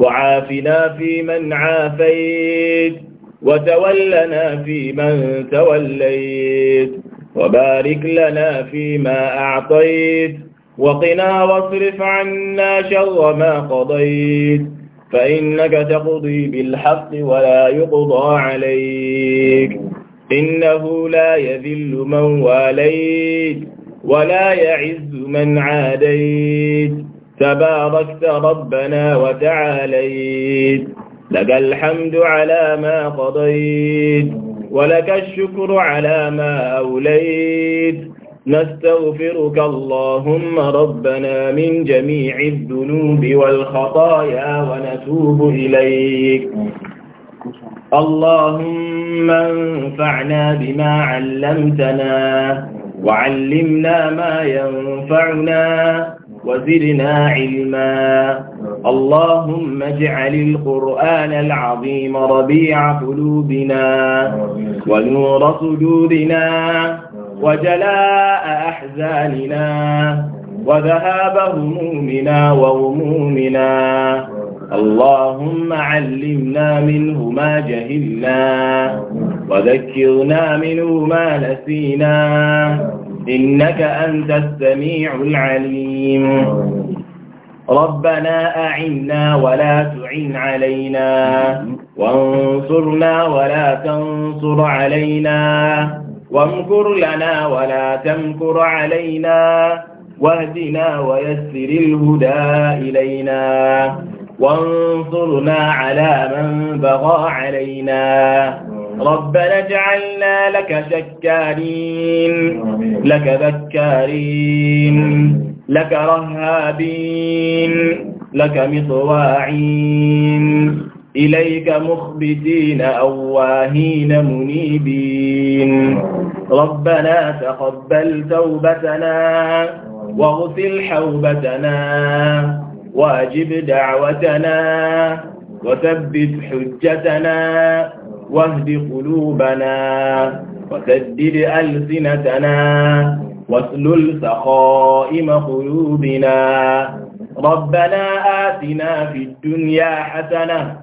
وعافنا فيمن عافيت وتولنا فيمن توليت وبارك لنا فيما أعطيت وقنا واصرف عنا شر ما قضيت فإنك تقضي بالحق ولا يقضى عليك إنه لا يذل من واليت ولا يعز من عاديت تباركت ربنا وتعاليت لك الحمد على ما قضيت ولك الشكر على ما أوليت نستغفرك اللهم ربنا من جميع الذنوب والخطايا ونتوب إليك اللهم انفعنا بما علمتنا وعلمنا ما ينفعنا وزرنا علما اللهم اجعل القرآن العظيم ربيع قلوبنا ونور صدورنا وجلاء أحزاننا وذهاب همومنا وغمومنا اللهم علمنا منه ما جهلنا وذكرنا منه ما نسينا إنك أنت السميع العليم ربنا أعنا ولا تعن علينا وانصرنا ولا تنصر علينا وامكر لنا ولا تمكر علينا واهدنا ويسر الهدى إلينا وانصرنا على من بغى علينا ربنا اجعلنا لك شكارين لك ذكارين لك رهابين لك مطواعين إليك مخبتين أواهين منيبين ربنا تقبل توبتنا واغسل حوبتنا واجب دعوتنا وثبت حجتنا واهد قلوبنا وسدد ألسنتنا واسلل سخائم قلوبنا ربنا آتنا في الدنيا حسنة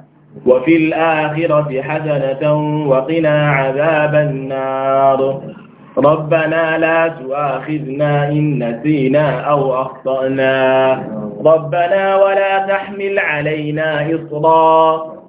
وفي الآخرة حسنة وقنا عذاب النار ربنا لا تؤاخذنا إن نسينا أو أخطأنا ربنا ولا تحمل علينا إصرا